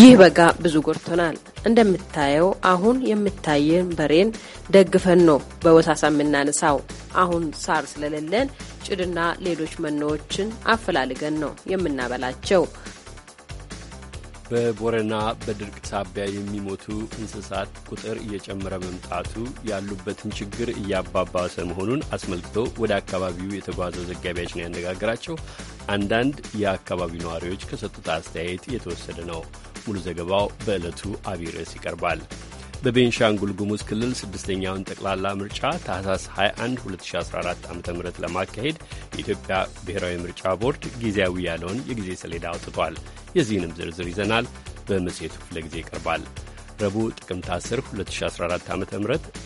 ይህ በጋ ብዙ ጎድቶናል። እንደምታየው አሁን የምታየን በሬን ደግፈን ነው በወሳሳ የምናነሳው። አሁን ሳር ስለሌለን ጭድና ሌሎች መኖዎችን አፈላልገን ነው የምናበላቸው። በቦረና በድርቅ ሳቢያ የሚሞቱ እንስሳት ቁጥር እየጨመረ መምጣቱ ያሉበትን ችግር እያባባሰ መሆኑን አስመልክቶ ወደ አካባቢው የተጓዘው ዘጋቢያችን ያነጋገራቸው አንዳንድ የአካባቢው ነዋሪዎች ከሰጡት አስተያየት የተወሰደ ነው። ሙሉ ዘገባው በዕለቱ አቢይ ርዕስ ይቀርባል። በቤንሻንጉል ጉሙዝ ክልል ስድስተኛውን ጠቅላላ ምርጫ ታህሳስ 21 2014 ዓ ም ለማካሄድ የኢትዮጵያ ብሔራዊ ምርጫ ቦርድ ጊዜያዊ ያለውን የጊዜ ሰሌዳ አውጥቷል። የዚህንም ዝርዝር ይዘናል፣ በመጽሔቱ ክፍለ ጊዜ ይቀርባል። ረቡዕ ጥቅምት 10 2014 ዓ ም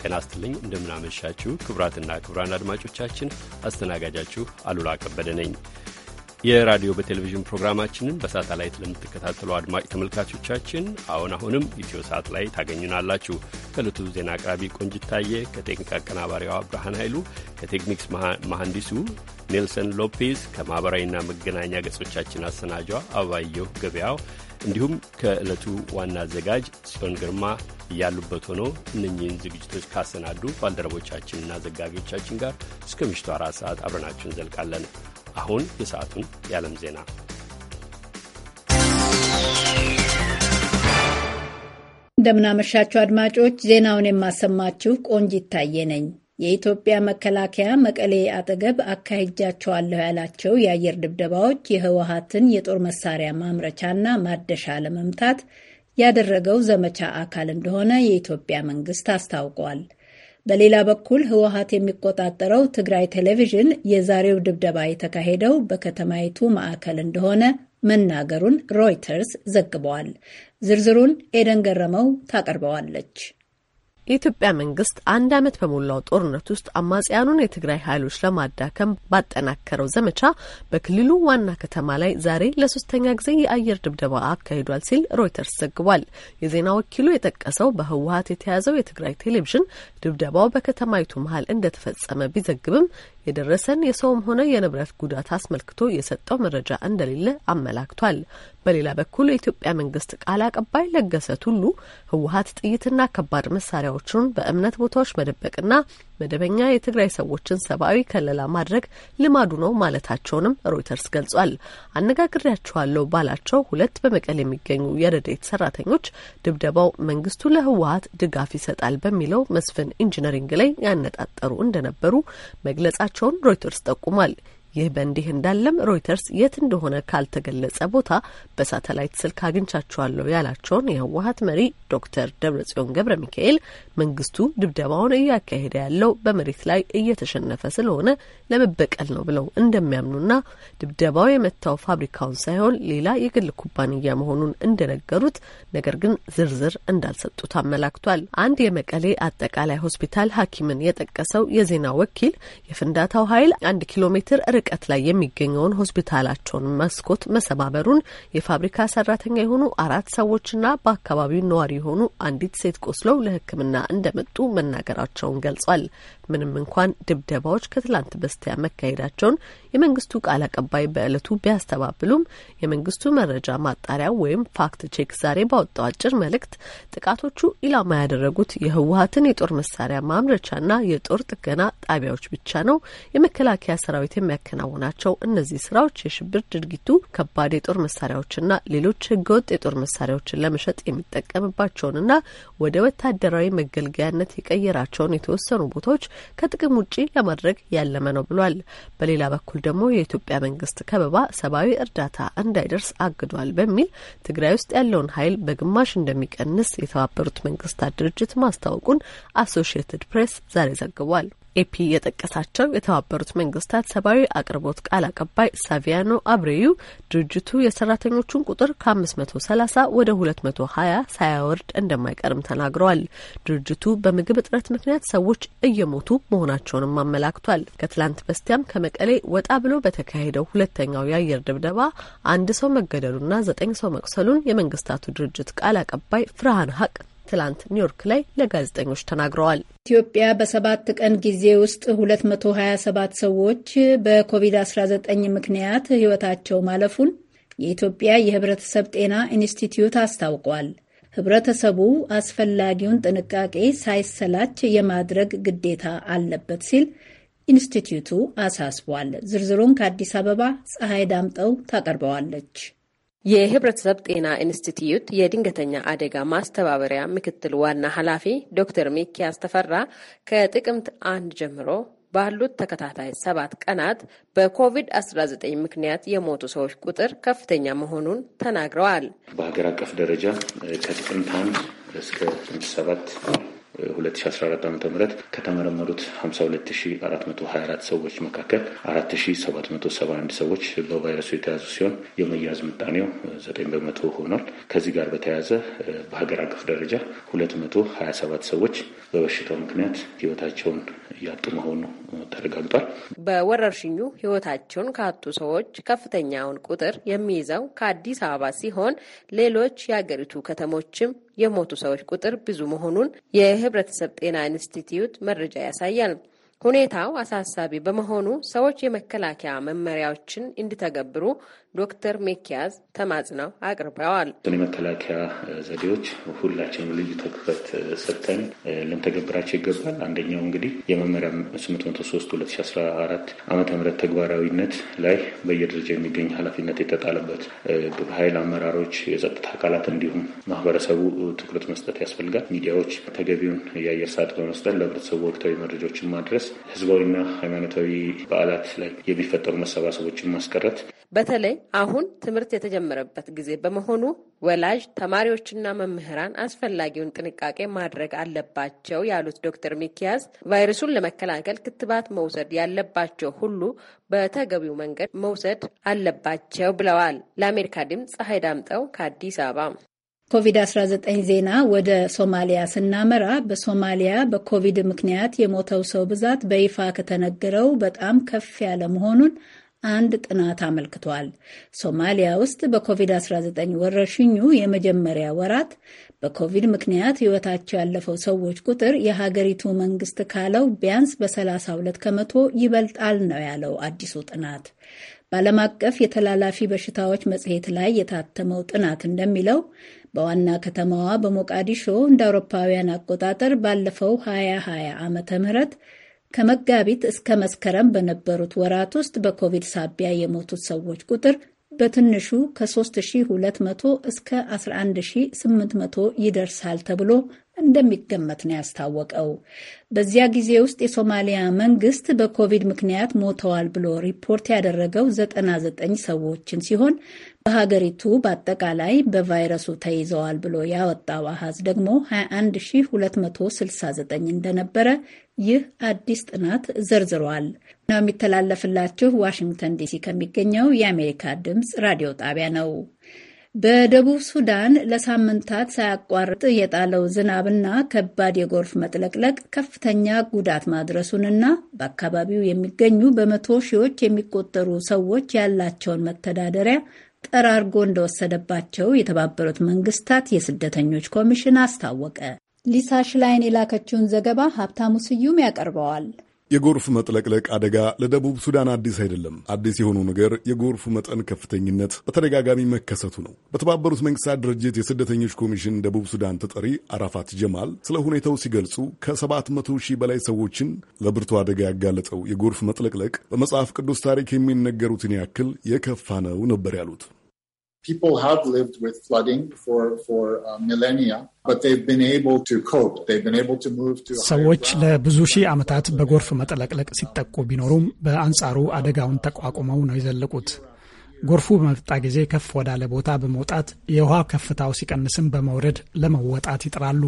ጤና ይስጥልኝ። እንደምናመሻችሁ ክቡራትና ክቡራን አድማጮቻችን አስተናጋጃችሁ አሉላ ከበደ ነኝ። የራዲዮ በቴሌቪዥን ፕሮግራማችንን በሳተላይት ለምትከታተሉ አድማጭ ተመልካቾቻችን አሁን አሁንም ኢትዮ ሳት ላይ ታገኙናላችሁ። ከእለቱ ዜና አቅራቢ ቆንጅታየ፣ ከቴክኒክ አቀናባሪዋ ብርሃን ኃይሉ፣ ከቴክኒክስ መሐንዲሱ ኔልሰን ሎፔዝ፣ ከማኅበራዊና መገናኛ ገጾቻችን አሰናጇ አበባየሁ ገበያው እንዲሁም ከዕለቱ ዋና አዘጋጅ ጽዮን ግርማ እያሉበት ሆኖ እነኚህን ዝግጅቶች ካሰናዱ ባልደረቦቻችንና ዘጋቢዎቻችን ጋር እስከ ምሽቱ አራት ሰዓት አብረናችሁ እንዘልቃለን። አሁን የሰዓቱን የዓለም ዜና እንደምናመሻችሁ አድማጮች፣ ዜናውን የማሰማችሁ ቆንጂት ታየ ነኝ። የኢትዮጵያ መከላከያ መቀሌ አጠገብ አካሄጃቸዋለሁ ያላቸው የአየር ድብደባዎች የህወሀትን የጦር መሳሪያ ማምረቻና ማደሻ ለመምታት ያደረገው ዘመቻ አካል እንደሆነ የኢትዮጵያ መንግስት አስታውቋል። በሌላ በኩል ህወሀት የሚቆጣጠረው ትግራይ ቴሌቪዥን የዛሬው ድብደባ የተካሄደው በከተማይቱ ማዕከል እንደሆነ መናገሩን ሮይተርስ ዘግበዋል። ዝርዝሩን ኤደን ገረመው ታቀርበዋለች። የኢትዮጵያ መንግስት አንድ ዓመት በሞላው ጦርነት ውስጥ አማጽያኑን የትግራይ ኃይሎች ለማዳከም ባጠናከረው ዘመቻ በክልሉ ዋና ከተማ ላይ ዛሬ ለሶስተኛ ጊዜ የአየር ድብደባ አካሂዷል ሲል ሮይተርስ ዘግቧል። የዜና ወኪሉ የጠቀሰው በህወሀት የተያዘው የትግራይ ቴሌቪዥን ድብደባው በከተማይቱ መሀል እንደተፈጸመ ቢዘግብም የደረሰን የሰውም ሆነ የንብረት ጉዳት አስመልክቶ የሰጠው መረጃ እንደሌለ አመላክቷል። በሌላ በኩል የኢትዮጵያ መንግስት ቃል አቀባይ ለገሰ ቱሉ ህወሀት ጥይትና ከባድ መሳሪያዎቹን በእምነት ቦታዎች መደበቅና መደበኛ የትግራይ ሰዎችን ሰብአዊ ከለላ ማድረግ ልማዱ ነው ማለታቸውንም ሮይተርስ ገልጿል። አነጋግሬያቸዋለሁ ባላቸው ሁለት በመቀሌ የሚገኙ የረድኤት ሰራተኞች ድብደባው መንግስቱ ለህወሀት ድጋፍ ይሰጣል በሚለው መስፍን ኢንጂነሪንግ ላይ ያነጣጠሩ እንደነበሩ መግለጻቸውን ሮይተርስ ጠቁሟል። ይህ በእንዲህ እንዳለም ሮይተርስ የት እንደሆነ ካልተገለጸ ቦታ በሳተላይት ስልክ አግኝቻቸዋለሁ ያላቸውን የህወሀት መሪ ዶክተር ደብረጽዮን ገብረ ሚካኤል መንግስቱ ድብደባውን እያካሄደ ያለው በመሬት ላይ እየተሸነፈ ስለሆነ ለመበቀል ነው ብለው እንደሚያምኑና ድብደባው የመታው ፋብሪካውን ሳይሆን ሌላ የግል ኩባንያ መሆኑን እንደነገሩት ነገር ግን ዝርዝር እንዳልሰጡት አመላክቷል። አንድ የመቀሌ አጠቃላይ ሆስፒታል ሐኪምን የጠቀሰው የዜና ወኪል የፍንዳታው ኃይል አንድ ኪሎ ሜትር ርቀት ላይ የሚገኘውን ሆስፒታላቸውን መስኮት መሰባበሩን የፋብሪካ ሰራተኛ የሆኑ አራት ሰዎችና በአካባቢው ነዋሪ የሆኑ አንዲት ሴት ቆስለው ለሕክምና እንደመጡ መናገራቸውን ገልጿል። ምንም እንኳን ድብደባዎች ከትላንት በስቲያ መካሄዳቸውን የመንግስቱ ቃል አቀባይ በእለቱ ቢያስተባብሉም የመንግስቱ መረጃ ማጣሪያ ወይም ፋክት ቼክ ዛሬ ባወጣው አጭር መልእክት ጥቃቶቹ ኢላማ ያደረጉት የህወሀትን የጦር መሳሪያ ማምረቻና የጦር ጥገና ጣቢያዎች ብቻ ነው። የመከላከያ ሰራዊት የሚያከናውናቸው እነዚህ ስራዎች የሽብር ድርጊቱ ከባድ የጦር መሳሪያዎችና ሌሎች ህገወጥ የጦር መሳሪያዎችን ለመሸጥ የሚጠቀምባቸውንና ወደ ወታደራዊ መገልገያነት የቀየራቸውን የተወሰኑ ቦታዎች ከጥቅም ውጪ ለማድረግ ያለመ ነው ብሏል። በሌላ በኩል ደግሞ የኢትዮጵያ መንግስት ከበባ ሰብአዊ እርዳታ እንዳይደርስ አግዷል በሚል ትግራይ ውስጥ ያለውን ኃይል በግማሽ እንደሚቀንስ የተባበሩት መንግስታት ድርጅት ማስታወቁን አሶሽየትድ ፕሬስ ዛሬ ዘግቧል። ኤፒ የጠቀሳቸው የተባበሩት መንግስታት ሰብአዊ አቅርቦት ቃል አቀባይ ሳቪያኖ አብሬዩ ድርጅቱ የሰራተኞቹን ቁጥር ከ530 ወደ 220 ሳያወርድ እንደማይቀርም ተናግረዋል። ድርጅቱ በምግብ እጥረት ምክንያት ሰዎች እየሞቱ መሆናቸውንም አመላክቷል። ከትላንት በስቲያም ከመቀሌ ወጣ ብሎ በተካሄደው ሁለተኛው የአየር ድብደባ አንድ ሰው መገደሉና ዘጠኝ ሰው መቁሰሉን የመንግስታቱ ድርጅት ቃል አቀባይ ፍርሃን ሀቅ ትላንት ኒውዮርክ ላይ ለጋዜጠኞች ተናግረዋል። ኢትዮጵያ በሰባት ቀን ጊዜ ውስጥ 227 ሰዎች በኮቪድ-19 ምክንያት ሕይወታቸው ማለፉን የኢትዮጵያ የሕብረተሰብ ጤና ኢንስቲትዩት አስታውቋል። ህብረተሰቡ አስፈላጊውን ጥንቃቄ ሳይሰላች የማድረግ ግዴታ አለበት ሲል ኢንስቲትዩቱ አሳስቧል። ዝርዝሩን ከአዲስ አበባ ፀሐይ ዳምጠው ታቀርበዋለች። የህብረተሰብ ጤና ኢንስቲትዩት የድንገተኛ አደጋ ማስተባበሪያ ምክትል ዋና ኃላፊ ዶክተር ሚኪያስ ተፈራ ከጥቅምት አንድ ጀምሮ ባሉት ተከታታይ ሰባት ቀናት በኮቪድ-19 ምክንያት የሞቱ ሰዎች ቁጥር ከፍተኛ መሆኑን ተናግረዋል። በሀገር አቀፍ ደረጃ ከጥቅምት አንድ እስከ ጥቅምት ሰባት 2014 ዓ ም ከተመረመሩት 52424 ሰዎች መካከል 4771 ሰዎች በቫይረሱ የተያዙ ሲሆን የመያዝ ምጣኔው 9 በመቶ ሆኗል። ከዚህ ጋር በተያያዘ በሀገር አቀፍ ደረጃ 227 ሰዎች በበሽታው ምክንያት ህይወታቸውን እያጡ መሆኑ ተረጋግጧል። በወረርሽኙ ህይወታቸውን ካጡ ሰዎች ከፍተኛውን ቁጥር የሚይዘው ከአዲስ አበባ ሲሆን ሌሎች የአገሪቱ ከተሞችም የሞቱ ሰዎች ቁጥር ብዙ መሆኑን የህብረተሰብ ጤና ኢንስቲትዩት መረጃ ያሳያል። ሁኔታው አሳሳቢ በመሆኑ ሰዎች የመከላከያ መመሪያዎችን እንዲተገብሩ ዶክተር ሜኪያዝ ተማጽነው አቅርበዋል። የመከላከያ ዘዴዎች ሁላችንም ልዩ ትኩረት ሰጥተን ልንተገብራቸው ይገባል። አንደኛው እንግዲህ የመመሪያ 803 2014 ዓመተ ተግባራዊነት ላይ በየደረጃው የሚገኝ ኃላፊነት የተጣለበት ግብረ ኃይል አመራሮች፣ የጸጥታ አካላት እንዲሁም ማህበረሰቡ ትኩረት መስጠት ያስፈልጋል። ሚዲያዎች ተገቢውን የአየር ሰዓት በመስጠት ለህብረተሰቡ ወቅታዊ መረጃዎችን ማድረስ፣ ህዝባዊና ሃይማኖታዊ በዓላት ላይ የሚፈጠሩ መሰባሰቦችን ማስቀረት፣ በተለይ አሁን ትምህርት የተጀመረበት ጊዜ በመሆኑ ወላጅ ተማሪዎችና መምህራን አስፈላጊውን ጥንቃቄ ማድረግ አለባቸው ያሉት ዶክተር ሚኪያዝ ቫይረሱን ለመከላከል ክትባት መውሰድ ያለባቸው ሁሉ በተገቢው መንገድ መውሰድ አለባቸው ብለዋል። ለአሜሪካ ድምፅ ፀሐይ ዳምጠው ከአዲስ አበባ። ኮቪድ-19 ዜና ወደ ሶማሊያ ስናመራ በሶማሊያ በኮቪድ ምክንያት የሞተው ሰው ብዛት በይፋ ከተነገረው በጣም ከፍ ያለ መሆኑን አንድ ጥናት አመልክቷል። ሶማሊያ ውስጥ በኮቪድ-19 ወረርሽኙ የመጀመሪያ ወራት በኮቪድ ምክንያት ሕይወታቸው ያለፈው ሰዎች ቁጥር የሀገሪቱ መንግስት ካለው ቢያንስ በ32 ከመቶ ይበልጣል ነው ያለው አዲሱ ጥናት። በዓለም አቀፍ የተላላፊ በሽታዎች መጽሔት ላይ የታተመው ጥናት እንደሚለው በዋና ከተማዋ በሞቃዲሾ እንደ አውሮፓውያን አቆጣጠር ባለፈው 2020 ዓመተ ምህረት ከመጋቢት እስከ መስከረም በነበሩት ወራት ውስጥ በኮቪድ ሳቢያ የሞቱት ሰዎች ቁጥር በትንሹ ከ3200 እስከ 11800 ይደርሳል ተብሎ እንደሚገመት ነው ያስታወቀው። በዚያ ጊዜ ውስጥ የሶማሊያ መንግስት በኮቪድ ምክንያት ሞተዋል ብሎ ሪፖርት ያደረገው 99 ሰዎችን ሲሆን በሀገሪቱ በአጠቃላይ በቫይረሱ ተይዘዋል ብሎ ያወጣው አሃዝ ደግሞ 21269 እንደነበረ ይህ አዲስ ጥናት ዘርዝሯል። ነው የሚተላለፍላችሁ ዋሽንግተን ዲሲ ከሚገኘው የአሜሪካ ድምፅ ራዲዮ ጣቢያ ነው። በደቡብ ሱዳን ለሳምንታት ሳያቋርጥ የጣለው ዝናብና ከባድ የጎርፍ መጥለቅለቅ ከፍተኛ ጉዳት ማድረሱንና በአካባቢው የሚገኙ በመቶ ሺዎች የሚቆጠሩ ሰዎች ያላቸውን መተዳደሪያ ጠራርጎ እንደወሰደባቸው የተባበሩት መንግስታት የስደተኞች ኮሚሽን አስታወቀ። ሊሳ ሽላይን የላከችውን ዘገባ ሀብታሙ ስዩም ያቀርበዋል። የጎርፍ መጥለቅለቅ አደጋ ለደቡብ ሱዳን አዲስ አይደለም። አዲስ የሆነው ነገር የጎርፍ መጠን ከፍተኝነት በተደጋጋሚ መከሰቱ ነው። በተባበሩት መንግስታት ድርጅት የስደተኞች ኮሚሽን ደቡብ ሱዳን ተጠሪ አራፋት ጀማል ስለ ሁኔታው ሲገልጹ ከ700 ሺህ በላይ ሰዎችን ለብርቱ አደጋ ያጋለጠው የጎርፍ መጥለቅለቅ በመጽሐፍ ቅዱስ ታሪክ የሚነገሩትን ያክል የከፋ ነው ነበር ያሉት። people have lived with flooding for, for uh, millennia, but they've been able to cope. They've been able to move to ሰዎች ለብዙ ሺህ ዓመታት በጎርፍ መጠለቅለቅ ሲጠቁ ቢኖሩም በአንጻሩ አደጋውን ተቋቁመው ነው የዘለቁት። ጎርፉ በመጣ ጊዜ ከፍ ወዳለ ቦታ በመውጣት የውሃ ከፍታው ሲቀንስም በመውረድ ለመወጣት ይጥራሉ።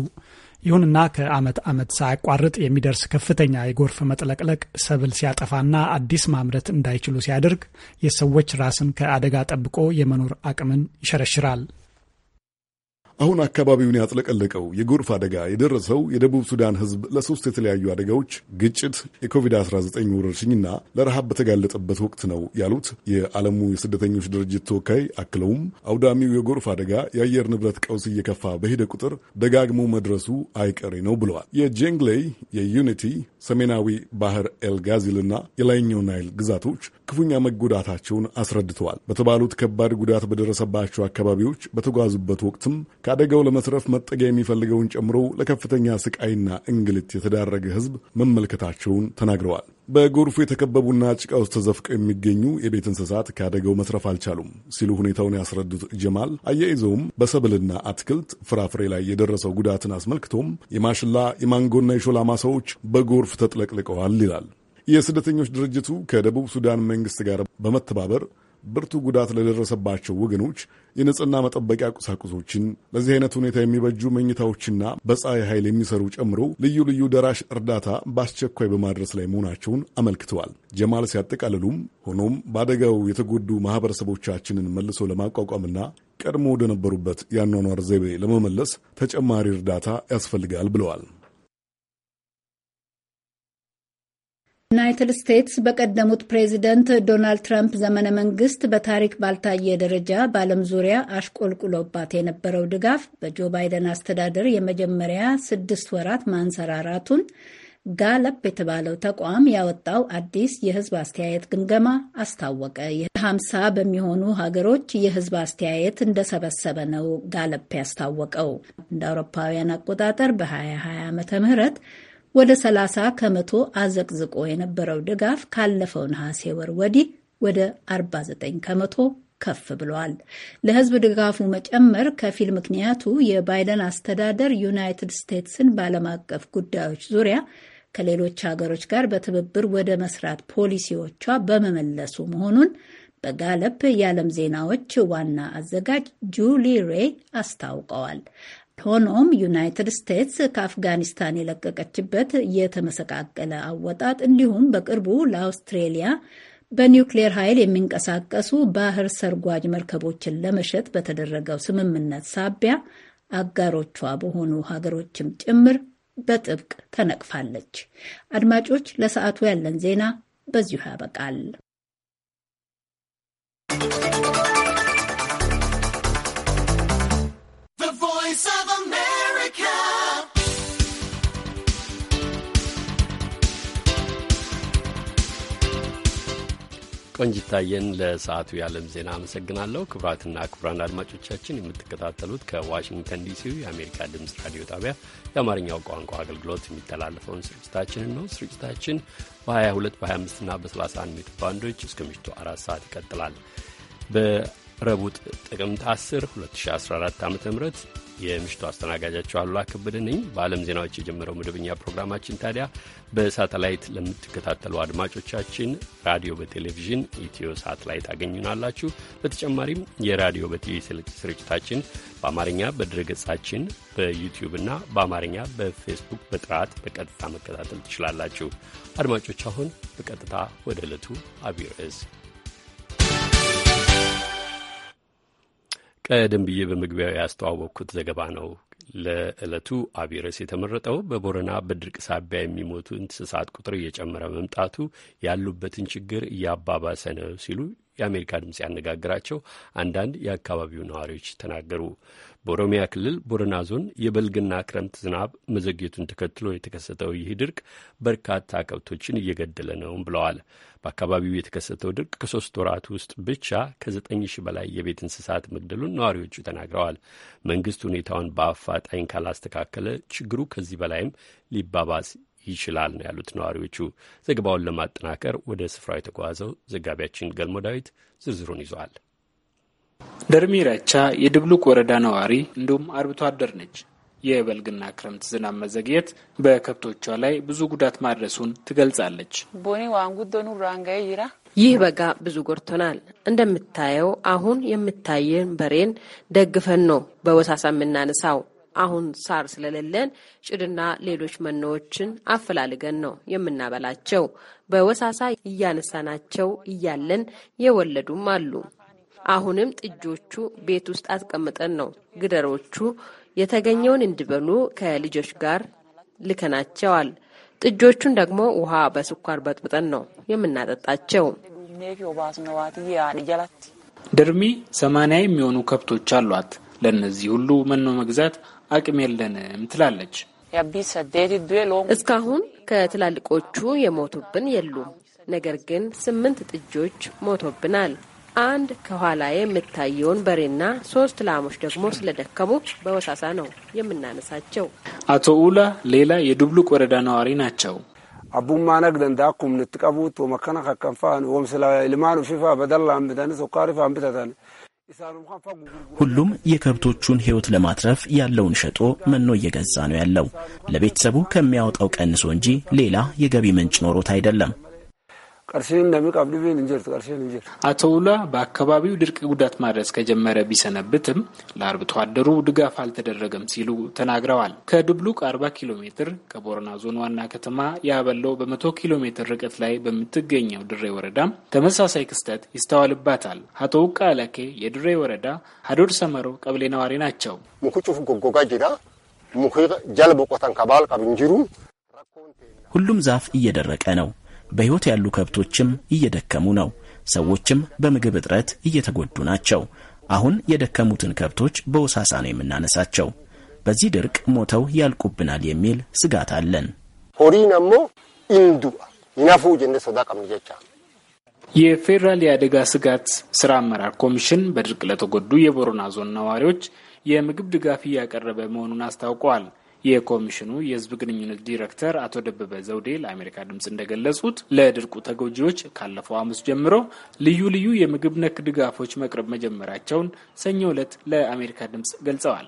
ይሁንና ከዓመት ዓመት ሳያቋርጥ የሚደርስ ከፍተኛ የጎርፍ መጥለቅለቅ ሰብል ሲያጠፋና አዲስ ማምረት እንዳይችሉ ሲያደርግ የሰዎች ራስን ከአደጋ ጠብቆ የመኖር አቅምን ይሸረሽራል። አሁን አካባቢውን ያጥለቀለቀው የጎርፍ አደጋ የደረሰው የደቡብ ሱዳን ሕዝብ ለሶስት የተለያዩ አደጋዎች ግጭት፣ የኮቪድ-19 ወረርሽኝና ለረሃብ በተጋለጠበት ወቅት ነው ያሉት የዓለሙ የስደተኞች ድርጅት ተወካይ አክለውም አውዳሚው የጎርፍ አደጋ የአየር ንብረት ቀውስ እየከፋ በሄደ ቁጥር ደጋግሞ መድረሱ አይቀሬ ነው ብለዋል። የጄንግሌይ የዩኒቲ ሰሜናዊ ባህር ኤልጋዚልና የላይኛው ናይል ግዛቶች ክፉኛ መጎዳታቸውን አስረድተዋል። በተባሉት ከባድ ጉዳት በደረሰባቸው አካባቢዎች በተጓዙበት ወቅትም ከአደጋው ለመትረፍ መጠጊያ የሚፈልገውን ጨምሮ ለከፍተኛ ስቃይና እንግልት የተዳረገ ሕዝብ መመልከታቸውን ተናግረዋል። በጎርፉ የተከበቡና ጭቃ ውስጥ ተዘፍቀው የሚገኙ የቤት እንስሳት ከአደጋው መትረፍ አልቻሉም ሲሉ ሁኔታውን ያስረዱት ጀማል አያይዘውም በሰብልና አትክልት ፍራፍሬ ላይ የደረሰው ጉዳትን አስመልክቶም የማሽላ የማንጎና የሾላ ማሳዎች በጎርፍ ተጥለቅልቀዋል ይላል። የስደተኞች ድርጅቱ ከደቡብ ሱዳን መንግስት ጋር በመተባበር ብርቱ ጉዳት ለደረሰባቸው ወገኖች የንጽህና መጠበቂያ ቁሳቁሶችን ለዚህ አይነት ሁኔታ የሚበጁ መኝታዎችና በፀሐይ ኃይል የሚሰሩ ጨምሮ ልዩ ልዩ ደራሽ እርዳታ በአስቸኳይ በማድረስ ላይ መሆናቸውን አመልክተዋል። ጀማል ሲያጠቃልሉም ሆኖም በአደጋው የተጎዱ ማህበረሰቦቻችንን መልሶ ለማቋቋምና ቀድሞ ወደነበሩበት የአኗኗር ዘይቤ ለመመለስ ተጨማሪ እርዳታ ያስፈልጋል ብለዋል። ዩናይትድ ስቴትስ በቀደሙት ፕሬዚደንት ዶናልድ ትራምፕ ዘመነ መንግስት በታሪክ ባልታየ ደረጃ በዓለም ዙሪያ አሽቆልቁሎባት የነበረው ድጋፍ በጆ ባይደን አስተዳደር የመጀመሪያ ስድስት ወራት ማንሰራራቱን ጋለፕ የተባለው ተቋም ያወጣው አዲስ የህዝብ አስተያየት ግምገማ አስታወቀ። ሀምሳ በሚሆኑ ሀገሮች የህዝብ አስተያየት እንደሰበሰበ ነው ጋለፕ ያስታወቀው። እንደ አውሮፓውያን አቆጣጠር በ2020 ዓ ምህረት ወደ 30 ከመቶ አዘቅዝቆ የነበረው ድጋፍ ካለፈው ነሐሴ ወር ወዲህ ወደ 49 ከመቶ ከፍ ብሏል። ለህዝብ ድጋፉ መጨመር ከፊል ምክንያቱ የባይደን አስተዳደር ዩናይትድ ስቴትስን በዓለም አቀፍ ጉዳዮች ዙሪያ ከሌሎች ሀገሮች ጋር በትብብር ወደ መስራት ፖሊሲዎቿ በመመለሱ መሆኑን በጋለፕ የዓለም ዜናዎች ዋና አዘጋጅ ጁሊ ሬይ አስታውቀዋል። ሆኖም ዩናይትድ ስቴትስ ከአፍጋኒስታን የለቀቀችበት የተመሰቃቀለ አወጣጥ እንዲሁም በቅርቡ ለአውስትሬሊያ በኒውክሌር ኃይል የሚንቀሳቀሱ ባህር ሰርጓጅ መርከቦችን ለመሸጥ በተደረገው ስምምነት ሳቢያ አጋሮቿ በሆኑ ሀገሮችም ጭምር በጥብቅ ተነቅፋለች። አድማጮች፣ ለሰዓቱ ያለን ዜና በዚሁ ያበቃል። ቆንጅታየን ለሰዓቱ የዓለም ዜና አመሰግናለሁ። ክቡራትና ክቡራን አድማጮቻችን የምትከታተሉት ከዋሽንግተን ዲሲው የአሜሪካ ድምፅ ራዲዮ ጣቢያ የአማርኛው ቋንቋ አገልግሎት የሚተላለፈውን ስርጭታችንን ነው። ስርጭታችን በ22 በ25ና በ31 ሜትር ባንዶች እስከ ምሽቱ አራት ሰዓት ይቀጥላል። ረቡጥ ጥቅምት 10 2014 ዓ ም የምሽቱ አስተናጋጃችሁ አሉላ ከበደ ነኝ። በዓለም ዜናዎች የጀመረው መደበኛ ፕሮግራማችን ታዲያ በሳተላይት ለምትከታተሉ አድማጮቻችን ራዲዮ በቴሌቪዥን ኢትዮ ሳት አገኙናላችሁ። በተጨማሪም የራዲዮ በቴሌቪዥን ስርጭታችን በአማርኛ በድረገጻችን በዩቲዩብና በአማርኛ በፌስቡክ በጥራት በቀጥታ መከታተል ትችላላችሁ። አድማጮች አሁን በቀጥታ ወደ ዕለቱ አብይ ርዕስ ቀደም ብዬ በመግቢያው ያስተዋወቅኩት ዘገባ ነው። ለዕለቱ አቢረስ የተመረጠው በቦረና በድርቅ ሳቢያ የሚሞቱ እንስሳት ቁጥር እየጨመረ መምጣቱ ያሉበትን ችግር እያባባሰ ነው ሲሉ የአሜሪካ ድምፅ ያነጋግራቸው አንዳንድ የአካባቢው ነዋሪዎች ተናገሩ። በኦሮሚያ ክልል ቦረና ዞን የበልግና ክረምት ዝናብ መዘግየቱን ተከትሎ የተከሰተው ይህ ድርቅ በርካታ ከብቶችን እየገደለ ነውም ብለዋል። በአካባቢው የተከሰተው ድርቅ ከሶስት ወራት ውስጥ ብቻ ከዘጠኝ ሺህ በላይ የቤት እንስሳት መግደሉን ነዋሪዎቹ ተናግረዋል። መንግስት ሁኔታውን በአፋጣኝ ካላስተካከለ ችግሩ ከዚህ በላይም ሊባባስ ይችላል ነው ያሉት ነዋሪዎቹ። ዘገባውን ለማጠናከር ወደ ስፍራው የተጓዘው ዘጋቢያችን ገልሞ ዳዊት ዝርዝሩን ይዟል። ደርሜ የድብሉቅ ወረዳ ነዋሪ እንዲሁም አርብቶ አደር ነች። የበልግና ክረምት ዝናብ መዘግየት በከብቶቿ ላይ ብዙ ጉዳት ማድረሱን ትገልጻለች። ቦኔ ዋንጉዶኑ ራንጋ ይራ ይህ በጋ ብዙ ጎድቶናል። እንደምታየው አሁን የምታየን በሬን ደግፈን ነው በወሳሳ የምናነሳው። አሁን ሳር ስለሌለን ጭድና ሌሎች መኖዎችን አፈላልገን ነው የምናበላቸው። በወሳሳ እያነሳናቸው እያለን የወለዱም አሉ። አሁንም ጥጆቹ ቤት ውስጥ አስቀምጠን ነው ግደሮቹ የተገኘውን እንዲበሉ ከልጆች ጋር ልከናቸዋል። ጥጆቹን ደግሞ ውሃ በስኳር በጥብጠን ነው የምናጠጣቸው። ድርሚ ሰማንያ የሚሆኑ ከብቶች አሏት። ለእነዚህ ሁሉ መኖ መግዛት አቅም የለንም ትላለች። እስካሁን ከትላልቆቹ የሞቱብን የሉም። ነገር ግን ስምንት ጥጆች ሞቶብናል። አንድ ከኋላ የምታየውን በሬና ሶስት ላሞች ደግሞ ስለደከሙ በወሳሳ ነው የምናነሳቸው። አቶ ኡላ ሌላ የዱብሉቅ ወረዳ ነዋሪ ናቸው። አቡማ ነግደን ዳኩም ንትቀቡት ወመከና ከከንፋን ወምስላ ልማኑ ፊፋ በደላ አንብተን ሶካሪፍ አንብተታን ሁሉም የከብቶቹን ሕይወት ለማትረፍ ያለውን ሸጦ መኖ እየገዛ ነው ያለው። ለቤተሰቡ ከሚያወጣው ቀንሶ እንጂ ሌላ የገቢ ምንጭ ኖሮት አይደለም። አቶ ውላ በአካባቢው ድርቅ ጉዳት ማድረስ ከጀመረ ቢሰነብትም ለአርብቶ አደሩ ድጋፍ አልተደረገም ሲሉ ተናግረዋል። ከድብሉቅ 40 ኪሎ ሜትር ከቦረና ዞን ዋና ከተማ ያበለው በመቶ ኪሎ ሜትር ርቀት ላይ በምትገኘው ድሬ ወረዳም ተመሳሳይ ክስተት ይስተዋልባታል። አቶ ውቃ አለኬ የድሬ ወረዳ ሀዶድ ሰመሮ ቀብሌ ነዋሪ ናቸው። ሙኩጩፍ ጎጎጋ ጅራ ሙክ ጀልብ ቆተን ከባል እንጅሩ ሁሉም ዛፍ እየደረቀ ነው። በሕይወት ያሉ ከብቶችም እየደከሙ ነው። ሰዎችም በምግብ እጥረት እየተጎዱ ናቸው። አሁን የደከሙትን ከብቶች በውሳሳ ነው የምናነሳቸው። በዚህ ድርቅ ሞተው ያልቁብናል የሚል ስጋት አለን። ሆሪናሞ ኢንዱ ይናፉ ጀነ ሶዳ የፌዴራል የአደጋ ስጋት ስራ አመራር ኮሚሽን በድርቅ ለተጎዱ የቦረና ዞን ነዋሪዎች የምግብ ድጋፍ እያቀረበ መሆኑን አስታውቀዋል። የኮሚሽኑ የህዝብ ግንኙነት ዲሬክተር አቶ ደበበ ዘውዴ ለአሜሪካ ድምፅ እንደገለጹት ለድርቁ ተጎጂዎች ካለፈው ሐሙስ ጀምሮ ልዩ ልዩ የምግብ ነክ ድጋፎች መቅረብ መጀመራቸውን ሰኞ ዕለት ለአሜሪካ ድምፅ ገልጸዋል።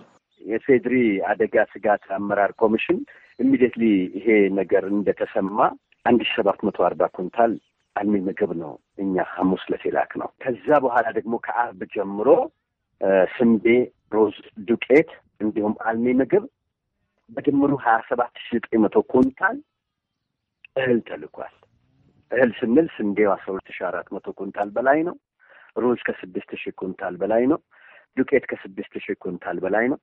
የፌድሪ አደጋ ስጋት አመራር ኮሚሽን ኢሚዲየትሊ ይሄ ነገር እንደተሰማ አንድ ሺ ሰባት መቶ አርባ ኩንታል አልሚ ምግብ ነው እኛ ሐሙስ ዕለት ነው። ከዛ በኋላ ደግሞ ከአርብ ጀምሮ ስንዴ፣ ሩዝ፣ ዱቄት እንዲሁም አልሚ ምግብ በድምሩ ሀያ ሰባት ሺ ዘጠኝ መቶ ኩንታል እህል ተልኳል። እህል ስንል ስንዴው አስራ ሁለት ሺ አራት መቶ ኩንታል በላይ ነው። ሩዝ ከስድስት ሺ ኩንታል በላይ ነው። ዱቄት ከስድስት ሺ ኩንታል በላይ ነው።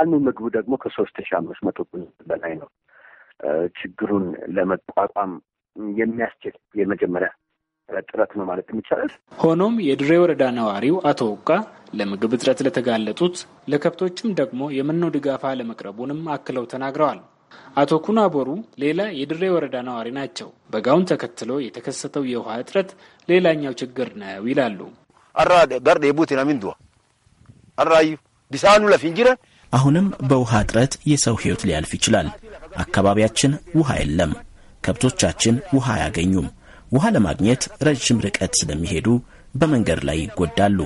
አልሚ ምግቡ ደግሞ ከሶስት ሺ አምስት መቶ ኩንታል በላይ ነው። ችግሩን ለመቋቋም የሚያስችል የመጀመሪያ ጥረት ነው ማለት የሚቻላል። ሆኖም የድሬ ወረዳ ነዋሪው አቶ ውቃ ለምግብ እጥረት ለተጋለጡት ለከብቶችም ደግሞ የመኖ ድጋፍ አለመቅረቡንም አክለው ተናግረዋል። አቶ ኩና ቦሩ ሌላ የድሬ ወረዳ ነዋሪ ናቸው። በጋውን ተከትሎ የተከሰተው የውሃ እጥረት ሌላኛው ችግር ነው ይላሉ። አሁንም በውሃ እጥረት የሰው ሕይወት ሊያልፍ ይችላል። አካባቢያችን ውሃ የለም። ከብቶቻችን ውሃ አያገኙም። ውሃ ለማግኘት ረዥም ርቀት ስለሚሄዱ በመንገድ ላይ ይጎዳሉ።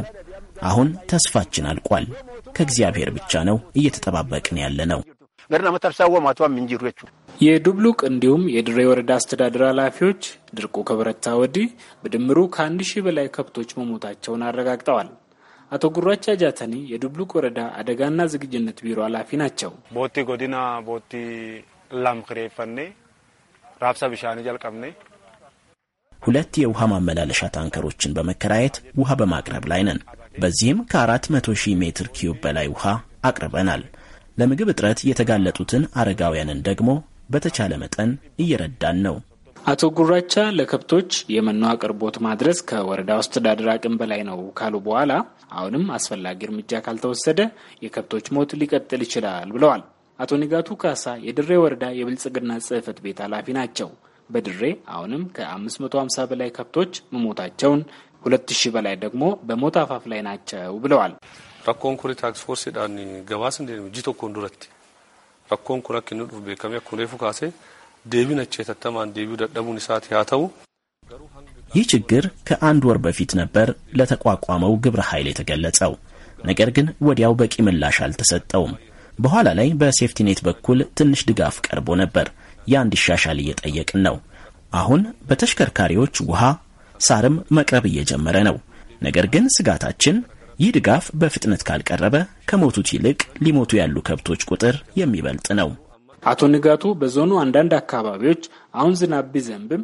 አሁን ተስፋችን አልቋል። ከእግዚአብሔር ብቻ ነው እየተጠባበቅን ያለ ነው። የዱብሉቅ እንዲሁም የድሬ ወረዳ አስተዳደር ኃላፊዎች ድርቁ ከበረታ ወዲህ በድምሩ ከአንድ ሺህ በላይ ከብቶች መሞታቸውን አረጋግጠዋል። አቶ ጉራቻ ጃተኒ የዱብሉቅ ወረዳ አደጋና ዝግጅነት ቢሮ ኃላፊ ናቸው። ቦቲ ጎዲና ቦቲ ላምክሬፈኔ ራብሳ ብሻኔ ጀልቀምኔ ሁለት የውሃ ማመላለሻ ታንከሮችን በመከራየት ውሃ በማቅረብ ላይ ነን። በዚህም ከ400 ሺህ ሜትር ኪዩብ በላይ ውሃ አቅርበናል። ለምግብ እጥረት የተጋለጡትን አረጋውያንን ደግሞ በተቻለ መጠን እየረዳን ነው። አቶ ጉራቻ ለከብቶች የመኖ አቅርቦት ማድረስ ከወረዳ አስተዳደር አቅም በላይ ነው ካሉ በኋላ አሁንም አስፈላጊ እርምጃ ካልተወሰደ የከብቶች ሞት ሊቀጥል ይችላል ብለዋል። አቶ ንጋቱ ካሳ የድሬ ወረዳ የብልጽግና ጽህፈት ቤት ኃላፊ ናቸው። በድሬ አሁንም ከ550 በላይ ከብቶች መሞታቸውን 2000 በላይ ደግሞ በሞት አፋፍ ላይ ናቸው ብለዋል። ረኮን ኩሪ ታክስ ፎርስ ገባስ እንደ ጂ ቶኮን ዱረት ረኮን ኩራ ክንዱ ቤከሚ ኩሬፉ ካሴ ዴቢ ነች የተተማን ዴቢ ደደቡን ሰዓት ያተው ይህ ችግር ከአንድ ወር በፊት ነበር ለተቋቋመው ግብረ ኃይል የተገለጸው። ነገር ግን ወዲያው በቂ ምላሽ አልተሰጠውም። በኋላ ላይ በሴፍቲኔት በኩል ትንሽ ድጋፍ ቀርቦ ነበር። ያ እንዲሻሻል እየጠየቅን ነው። አሁን በተሽከርካሪዎች ውሃ፣ ሳርም መቅረብ እየጀመረ ነው። ነገር ግን ስጋታችን ይህ ድጋፍ በፍጥነት ካልቀረበ ከሞቱት ይልቅ ሊሞቱ ያሉ ከብቶች ቁጥር የሚበልጥ ነው። አቶ ንጋቱ በዞኑ አንዳንድ አካባቢዎች አሁን ዝናብ ቢዘንብም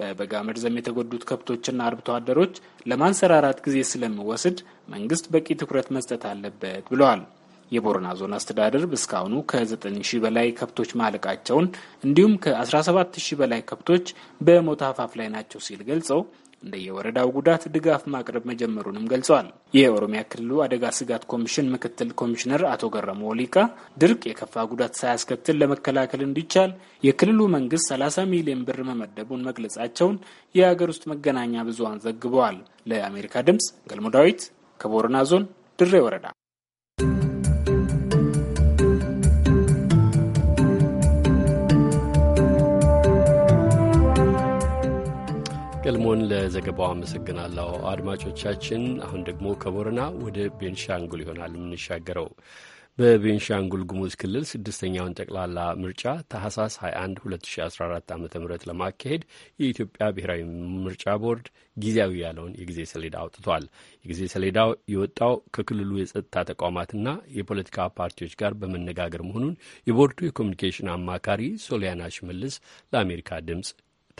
በበጋ መርዘም የተጎዱት ከብቶችና አርብቶ አደሮች ለማንሰራራት ጊዜ ስለሚወስድ መንግስት በቂ ትኩረት መስጠት አለበት ብለዋል። የቦረና ዞን አስተዳደር እስካሁኑ ከ9000 በላይ ከብቶች ማለቃቸውን እንዲሁም ከ17000 በላይ ከብቶች በሞት አፋፍ ላይ ናቸው ሲል ገልጸው እንደየወረዳው ጉዳት ድጋፍ ማቅረብ መጀመሩንም ገልጸዋል። የኦሮሚያ ክልሉ አደጋ ስጋት ኮሚሽን ምክትል ኮሚሽነር አቶ ገረሙ ወሊቃ ድርቅ የከፋ ጉዳት ሳያስከትል ለመከላከል እንዲቻል የክልሉ መንግስት 30 ሚሊዮን ብር መመደቡን መግለጻቸውን የሀገር ውስጥ መገናኛ ብዙኃን ዘግበዋል። ለአሜሪካ ድምፅ ገልሞ ዳዊት ከቦረና ዞን ድሬ ወረዳ ሰለሞን ለዘገባው አመሰግናለሁ። አድማጮቻችን፣ አሁን ደግሞ ከቦረና ወደ ቤንሻንጉል ይሆናል የምንሻገረው። በቤንሻንጉል ጉሙዝ ክልል ስድስተኛውን ጠቅላላ ምርጫ ታህሳስ 21 2014 ዓ ም ለማካሄድ የኢትዮጵያ ብሔራዊ ምርጫ ቦርድ ጊዜያዊ ያለውን የጊዜ ሰሌዳ አውጥቷል። የጊዜ ሰሌዳው የወጣው ከክልሉ የጸጥታ ተቋማትና የፖለቲካ ፓርቲዎች ጋር በመነጋገር መሆኑን የቦርዱ የኮሚኒኬሽን አማካሪ ሶሊያና ሽመልስ ለአሜሪካ ድምፅ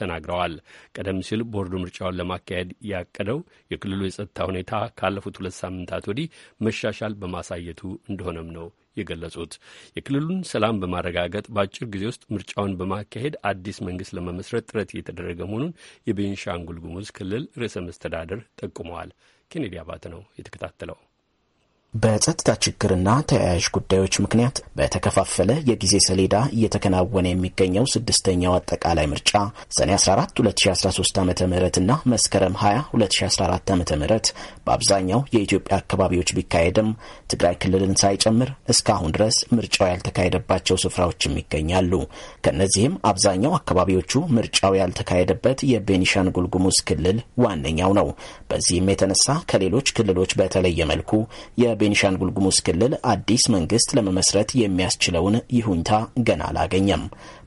ተናግረዋል። ቀደም ሲል ቦርዱ ምርጫውን ለማካሄድ ያቀደው የክልሉ የጸጥታ ሁኔታ ካለፉት ሁለት ሳምንታት ወዲህ መሻሻል በማሳየቱ እንደሆነም ነው የገለጹት። የክልሉን ሰላም በማረጋገጥ በአጭር ጊዜ ውስጥ ምርጫውን በማካሄድ አዲስ መንግስት ለመመስረት ጥረት እየተደረገ መሆኑን የቤንሻንጉል ጉሙዝ ክልል ርዕሰ መስተዳደር ጠቁመዋል። ኬኔዲ አባተ ነው የተከታተለው። በጸጥታ ችግርና ተያያዥ ጉዳዮች ምክንያት በተከፋፈለ የጊዜ ሰሌዳ እየተከናወነ የሚገኘው ስድስተኛው አጠቃላይ ምርጫ ሰኔ 14 2013 ዓ እና መስከረም 20 2014 ዓ ም በአብዛኛው የኢትዮጵያ አካባቢዎች ቢካሄድም ትግራይ ክልልን ሳይጨምር እስካሁን ድረስ ምርጫው ያልተካሄደባቸው ስፍራዎችም ይገኛሉ። ከእነዚህም አብዛኛው አካባቢዎቹ ምርጫው ያልተካሄደበት የቤኒሻንጉል ጉሙዝ ክልል ዋነኛው ነው። በዚህም የተነሳ ከሌሎች ክልሎች በተለየ መልኩ በቤኒሻንጉል ጉሙዝ ክልል አዲስ መንግስት ለመመስረት የሚያስችለውን ይሁኝታ ገና አላገኘም።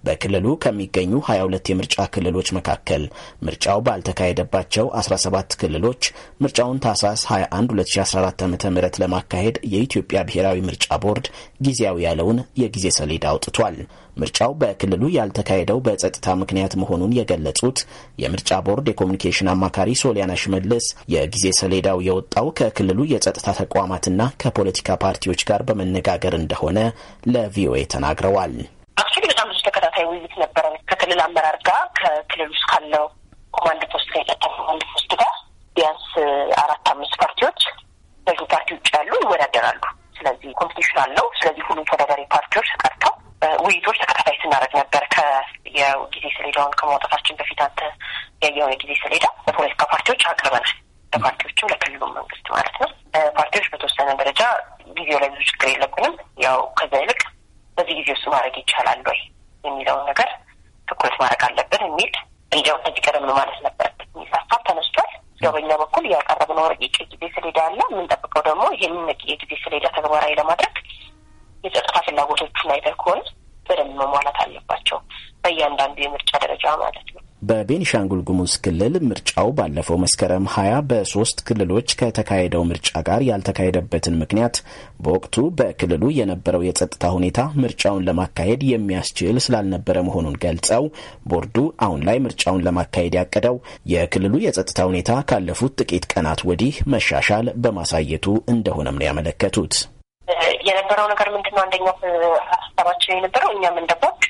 በክልሉ ከሚገኙ 22 የምርጫ ክልሎች መካከል ምርጫው ባልተካሄደባቸው 17 ክልሎች ምርጫውን ታህሳስ 21 2014 ዓ ም ለማካሄድ የኢትዮጵያ ብሔራዊ ምርጫ ቦርድ ጊዜያዊ ያለውን የጊዜ ሰሌዳ አውጥቷል። ምርጫው በክልሉ ያልተካሄደው በጸጥታ ምክንያት መሆኑን የገለጹት የምርጫ ቦርድ የኮሚኒኬሽን አማካሪ ሶሊያና ሽመልስ የጊዜ ሰሌዳው የወጣው ከክልሉ የጸጥታ ተቋማትና ከፖለቲካ ፓርቲዎች ጋር በመነጋገር እንደሆነ ለቪኦኤ ተናግረዋል። አክቹዋሊ በጣም ብዙ ተከታታይ ውይይት ነበረን ከክልል አመራር ጋር ከክልል ውስጥ ካለው ኮማንድ ፖስት ከጸጥታ ኮማንድ ፖስት ጋር ቢያንስ አራት አምስት ፓርቲዎች ከዚህ ፓርቲ ውጭ ያሉ ይወዳደራሉ። ስለዚህ ኮምፒቲሽን አለው። ስለዚህ ሁሉም ተወዳዳሪ ፓርቲዎች ተቀርተው ውይይቶች ተከታታይ ስናደርግ ነበር። ከየጊዜ ሰሌዳውን ከማውጣታችን በፊት አንተ ያየውን የጊዜ ሰሌዳ ለፖለቲካ ፓርቲዎች አቅርበናል። ለፓርቲዎችም ለክልሉ መንግስት ማለት ነው። ፓርቲዎች በተወሰነ ደረጃ ጊዜው ላይ ብዙ ችግር የለብንም። ያው ከዛ ይልቅ በዚህ ጊዜ ውስጥ ማድረግ ይቻላል ወይ የሚለውን ነገር ትኩረት ማድረግ አለብን የሚል እንዲያው ከዚህ ቀደም ማለት ነበር የሚል ሀሳብ ተነስቷል። ያው በእኛ በኩል ያቀረብነው ረቂቅ የጊዜ ሰሌዳ አለ። የምንጠብቀው ደግሞ ይህንን የጊዜ ሰሌዳ ተግባራዊ ለማድረግ የጸጥታ ፍላጎቶቹ ላይ ከሆነ በደንብ መሟላት አለባቸው፣ በእያንዳንዱ የምርጫ ደረጃ ማለት ነው። በቤኒሻንጉል ጉሙዝ ክልል ምርጫው ባለፈው መስከረም ሀያ በሶስት ክልሎች ከተካሄደው ምርጫ ጋር ያልተካሄደበትን ምክንያት በወቅቱ በክልሉ የነበረው የጸጥታ ሁኔታ ምርጫውን ለማካሄድ የሚያስችል ስላልነበረ መሆኑን ገልጸው ቦርዱ አሁን ላይ ምርጫውን ለማካሄድ ያቀደው የክልሉ የጸጥታ ሁኔታ ካለፉት ጥቂት ቀናት ወዲህ መሻሻል በማሳየቱ እንደሆነም ነው ያመለከቱት። የነበረው ነገር ምንድነው? አንደኛ ሀሳባችን የነበረው እኛም እንደ ቦርድ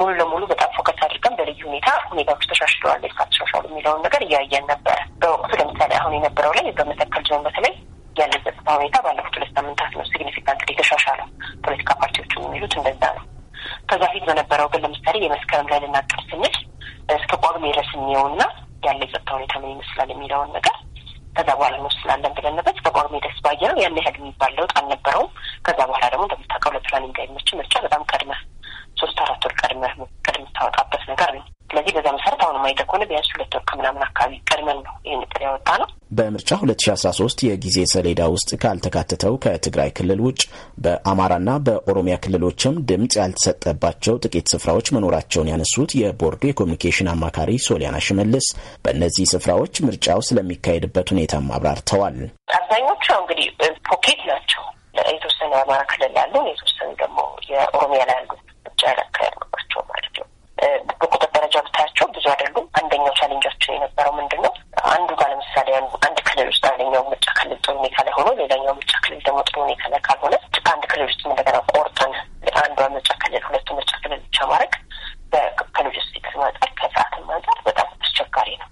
ሙሉ ለሙሉ በጣም ፎከስ አድርገን በልዩ ሁኔታ ሁኔታዎች ተሻሽለዋል ወይስ አልተሻሻሉ የሚለውን ነገር እያየን ነበረ። በወቅቱ ለምሳሌ አሁን የነበረው ላይ በመተከል ዞን በተለይ ያለበት ሁኔታ ባለፉት ሁለት ሳምንታት ነው ሲግኒፊካንት የተሻሻለው። ፖለቲካ ፓርቲዎቹ የሚሉት እንደዛ ነው። ከዛ ፊት በነበረው ግን ለምሳሌ የመስከረም ላይ ልናቅር ስንል እስከ ቋሚ ድረስ የሚየውና ያለ የጸጥታ ሁኔታ ምን ይመስላል የሚለውን ነገር ከዛ በኋላ እንወስናለን ብለን ነበር። ከቋሚ ደስ ባየ ያን ያህል የሚባል ለውጥ አልነበረውም። ከዛ በኋላ ደግሞ እንደምታውቀው ለፕላኒንግ የሚመች ምርጫ በጣም ቀድመ ሶስት አራት ወር ቀድመ ቅድ ታወጣበት ነገር ነው። ስለዚህ በዛ መሰረት አሁን ማይተ ከሆነ ቢያንስ ሁለት ወር ከምናምን አካባቢ ቀድመን ነው ይህን እቅድ ያወጣ ነው። በምርጫ 2013 የጊዜ ሰሌዳ ውስጥ ካልተካተተው ከትግራይ ክልል ውጭ በአማራና በኦሮሚያ ክልሎችም ድምፅ ያልተሰጠባቸው ጥቂት ስፍራዎች መኖራቸውን ያነሱት የቦርዱ የኮሚኒኬሽን አማካሪ ሶሊያና ሽመልስ በእነዚህ ስፍራዎች ምርጫው ስለሚካሄድበት ሁኔታም አብራርተዋል። አብዛኞቹ እንግዲህ ፖኬት ናቸው። የተወሰነ የአማራ ክልል ያሉ፣ የተወሰነ ደግሞ የኦሮሚያ ላይ ያሉ ምርጫ ያላካሄድንባቸው ማለት ነው። በቁጥር ደረጃ ብታያቸው ብዙ አይደሉም። አንደኛው ቻሌንጃችን የነበረው ምንድን ነው? አንዱ ጋር ለምሳሌ አንድ ክልል ውስጥ አንደኛው ምርጫ ክልል ጥሩ ሁኔታ ላይ ሆኖ ሌላኛው ምርጫ ክልል ደግሞ ጥሩ ሁኔታ ላይ ካልሆነ አንድ ክልል ውስጥ እንደገና ቆርጠን አንዷ ምርጫ ክልል ሁለቱ ምርጫ ክልል ብቻ ማድረግ ከሎጂስቲክስ አንጻር ከሰዓትም አንጻር በጣም አስቸጋሪ ነው።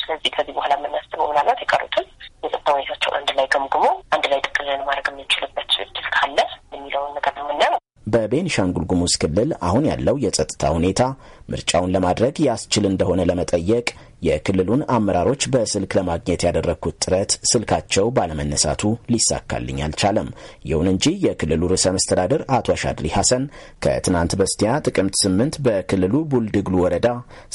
ስለዚህ ከዚህ በኋላ የምናስበው ምናልባት የቀሩትን የጸጥታ ሁኔታቸውን አንድ ላይ ገምግሞ አንድ ላይ ጥቅልን ማድረግ የምንችልበት እድል ካለ የሚለውን ነገር ነው የምናየው። በቤንሻንጉል ጉሙዝ ክልል አሁን ያለው የጸጥታ ሁኔታ ምርጫውን ለማድረግ ያስችል እንደሆነ ለመጠየቅ የክልሉን አመራሮች በስልክ ለማግኘት ያደረግኩት ጥረት ስልካቸው ባለመነሳቱ ሊሳካልኝ አልቻለም። ይሁን እንጂ የክልሉ ርዕሰ መስተዳድር አቶ አሻድሊ ሐሰን ከትናንት በስቲያ ጥቅምት ስምንት በክልሉ ቡልድግሉ ወረዳ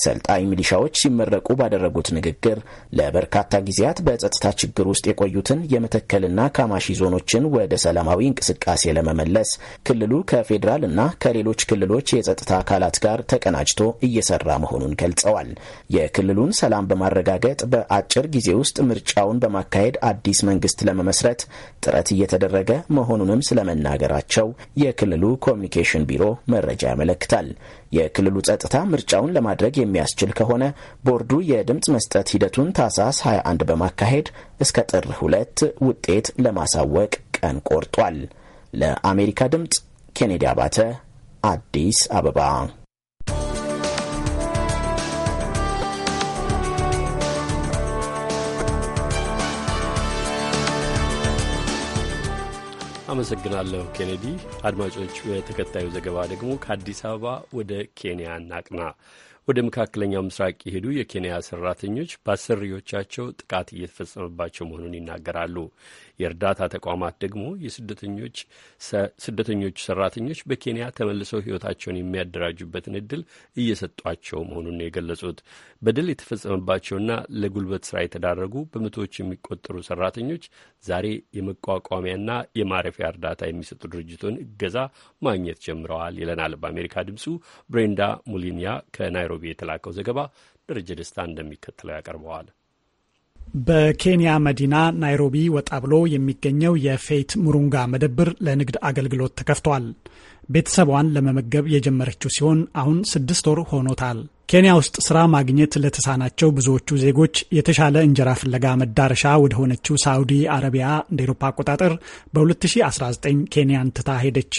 ሰልጣኝ ሚሊሻዎች ሲመረቁ ባደረጉት ንግግር ለበርካታ ጊዜያት በጸጥታ ችግር ውስጥ የቆዩትን የመተከልና ካማሺ ዞኖችን ወደ ሰላማዊ እንቅስቃሴ ለመመለስ ክልሉ ከፌዴራል እና ከሌሎች ክልሎች የጸጥታ አካላት ጋር ተቀናጅቶ እየሰራ መሆኑን ገልጸዋል። የክልሉን ሰላም በማረጋገጥ በአጭር ጊዜ ውስጥ ምርጫውን በማካሄድ አዲስ መንግስት ለመመስረት ጥረት እየተደረገ መሆኑንም ስለመናገራቸው የክልሉ ኮሚኒኬሽን ቢሮ መረጃ ያመለክታል። የክልሉ ጸጥታ ምርጫውን ለማድረግ የሚያስችል ከሆነ ቦርዱ የድምፅ መስጠት ሂደቱን ታህሳስ 21 በማካሄድ እስከ ጥር ሁለት ውጤት ለማሳወቅ ቀን ቆርጧል። ለአሜሪካ ድምፅ ኬኔዲ አባተ አዲስ አበባ አመሰግናለሁ ኬኔዲ። አድማጮች፣ በተከታዩ ዘገባ ደግሞ ከአዲስ አበባ ወደ ኬንያ እናቅና። ወደ መካከለኛው ምስራቅ የሄዱ የኬንያ ሰራተኞች በአሰሪዎቻቸው ጥቃት እየተፈጸመባቸው መሆኑን ይናገራሉ። የእርዳታ ተቋማት ደግሞ የስደተኞች ስደተኞቹ ሰራተኞች በኬንያ ተመልሰው ህይወታቸውን የሚያደራጁበትን እድል እየሰጧቸው መሆኑን የገለጹት በደል የተፈጸመባቸውና ለጉልበት ስራ የተዳረጉ በመቶዎች የሚቆጠሩ ሰራተኞች ዛሬ የመቋቋሚያና የማረፊያ እርዳታ የሚሰጡ ድርጅቱን እገዛ ማግኘት ጀምረዋል ይለናል በአሜሪካ ድምጹ ብሬንዳ ሙሊኒያ ከናይሮቢ የተላከው ዘገባ ደረጀ ደስታ እንደሚከተለው ያቀርበዋል። በኬንያ መዲና ናይሮቢ ወጣ ብሎ የሚገኘው የፌት ሙሩንጋ መደብር ለንግድ አገልግሎት ተከፍቷል። ቤተሰቧን ለመመገብ የጀመረችው ሲሆን አሁን ስድስት ወር ሆኖታል። ኬንያ ውስጥ ስራ ማግኘት ለተሳናቸው ብዙዎቹ ዜጎች የተሻለ እንጀራ ፍለጋ መዳረሻ ወደ ሆነችው ሳዑዲ አረቢያ እንደ ኤሮፓ አቆጣጠር በ2019 ኬንያን ትታ ሄደች።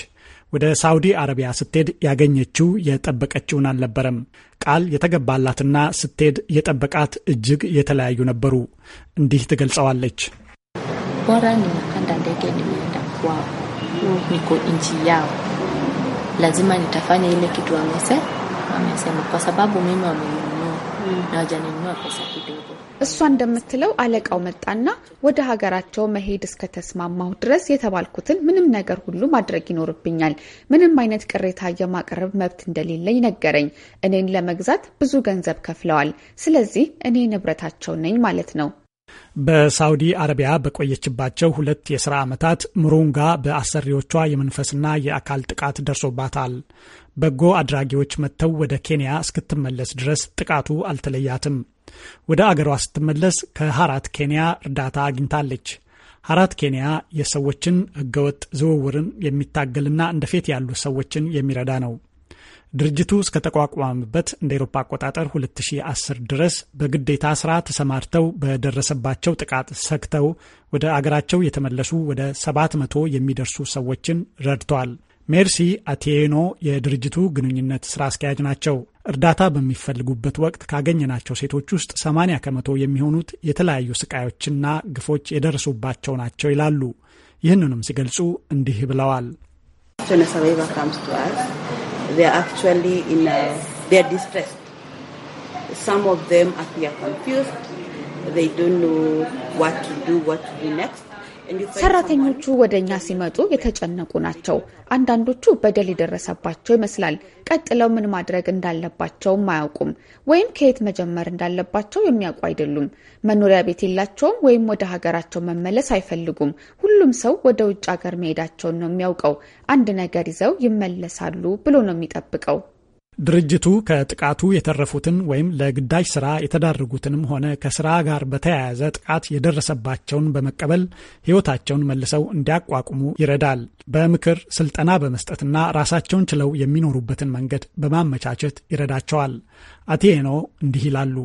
ወደ ሳውዲ አረቢያ ስትሄድ ያገኘችው የጠበቀችውን አልነበረም። ቃል የተገባላትና ስትሄድ የጠበቃት እጅግ የተለያዩ ነበሩ። እንዲህ ትገልጸዋለች። እሷ እንደምትለው አለቃው መጣና ወደ ሀገራቸው መሄድ እስከተስማማሁ ድረስ የተባልኩትን ምንም ነገር ሁሉ ማድረግ ይኖርብኛል። ምንም አይነት ቅሬታ የማቅረብ መብት እንደሌለኝ ነገረኝ። እኔን ለመግዛት ብዙ ገንዘብ ከፍለዋል። ስለዚህ እኔ ንብረታቸው ነኝ ማለት ነው። በሳውዲ አረቢያ በቆየችባቸው ሁለት የሥራ ዓመታት ሙሩንጋ በአሰሪዎቿ የመንፈስና የአካል ጥቃት ደርሶባታል። በጎ አድራጊዎች መጥተው ወደ ኬንያ እስክትመለስ ድረስ ጥቃቱ አልተለያትም። ወደ አገሯ ስትመለስ ከሀራት ኬንያ እርዳታ አግኝታለች። ሀራት ኬንያ የሰዎችን ህገወጥ ዝውውርን የሚታገልና እንደ ፌት ያሉ ሰዎችን የሚረዳ ነው። ድርጅቱ እስከተቋቋመበት እንደ ኤሮፓ አቆጣጠር 2010 ድረስ በግዴታ ስራ ተሰማርተው በደረሰባቸው ጥቃት ሰግተው ወደ አገራቸው የተመለሱ ወደ 700 የሚደርሱ ሰዎችን ረድተዋል። ሜርሲ አቴኖ የድርጅቱ ግንኙነት ስራ አስኪያጅ ናቸው። እርዳታ በሚፈልጉበት ወቅት ካገኘናቸው ሴቶች ውስጥ 80 ከመቶ የሚሆኑት የተለያዩ ስቃዮችና ግፎች የደረሱባቸው ናቸው ይላሉ። ይህንንም ሲገልጹ እንዲህ ብለዋል። ሰራተኞቹ ወደ እኛ ሲመጡ የተጨነቁ ናቸው። አንዳንዶቹ በደል የደረሰባቸው ይመስላል። ቀጥለው ምን ማድረግ እንዳለባቸውም አያውቁም፣ ወይም ከየት መጀመር እንዳለባቸው የሚያውቁ አይደሉም። መኖሪያ ቤት የላቸውም፣ ወይም ወደ ሀገራቸው መመለስ አይፈልጉም። ሁሉም ሰው ወደ ውጭ ሀገር መሄዳቸውን ነው የሚያውቀው። አንድ ነገር ይዘው ይመለሳሉ ብሎ ነው የሚጠብቀው። ድርጅቱ ከጥቃቱ የተረፉትን ወይም ለግዳጅ ስራ የተዳረጉትንም ሆነ ከስራ ጋር በተያያዘ ጥቃት የደረሰባቸውን በመቀበል ህይወታቸውን መልሰው እንዲያቋቁሙ ይረዳል። በምክር ስልጠና በመስጠትና ራሳቸውን ችለው የሚኖሩበትን መንገድ በማመቻቸት ይረዳቸዋል። አቴኖ እንዲህ ይላሉ።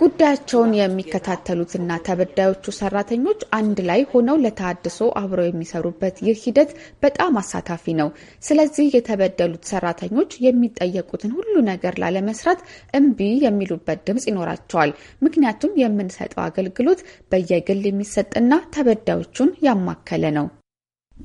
ጉዳያቸውን የሚከታተሉትና ተበዳዮቹ ሰራተኞች አንድ ላይ ሆነው ለተሃድሶ አብረው የሚሰሩበት ይህ ሂደት በጣም አሳታፊ ነው። ስለዚህ የተበደሉት ሰራተኞች የሚጠየቁትን ሁሉ ነገር ላለመስራት እምቢ የሚሉበት ድምፅ ይኖራቸዋል። ምክንያቱም የምንሰጠው አገልግሎት በየግል የሚሰጥና ተበዳዮቹን ያማከለ ነው።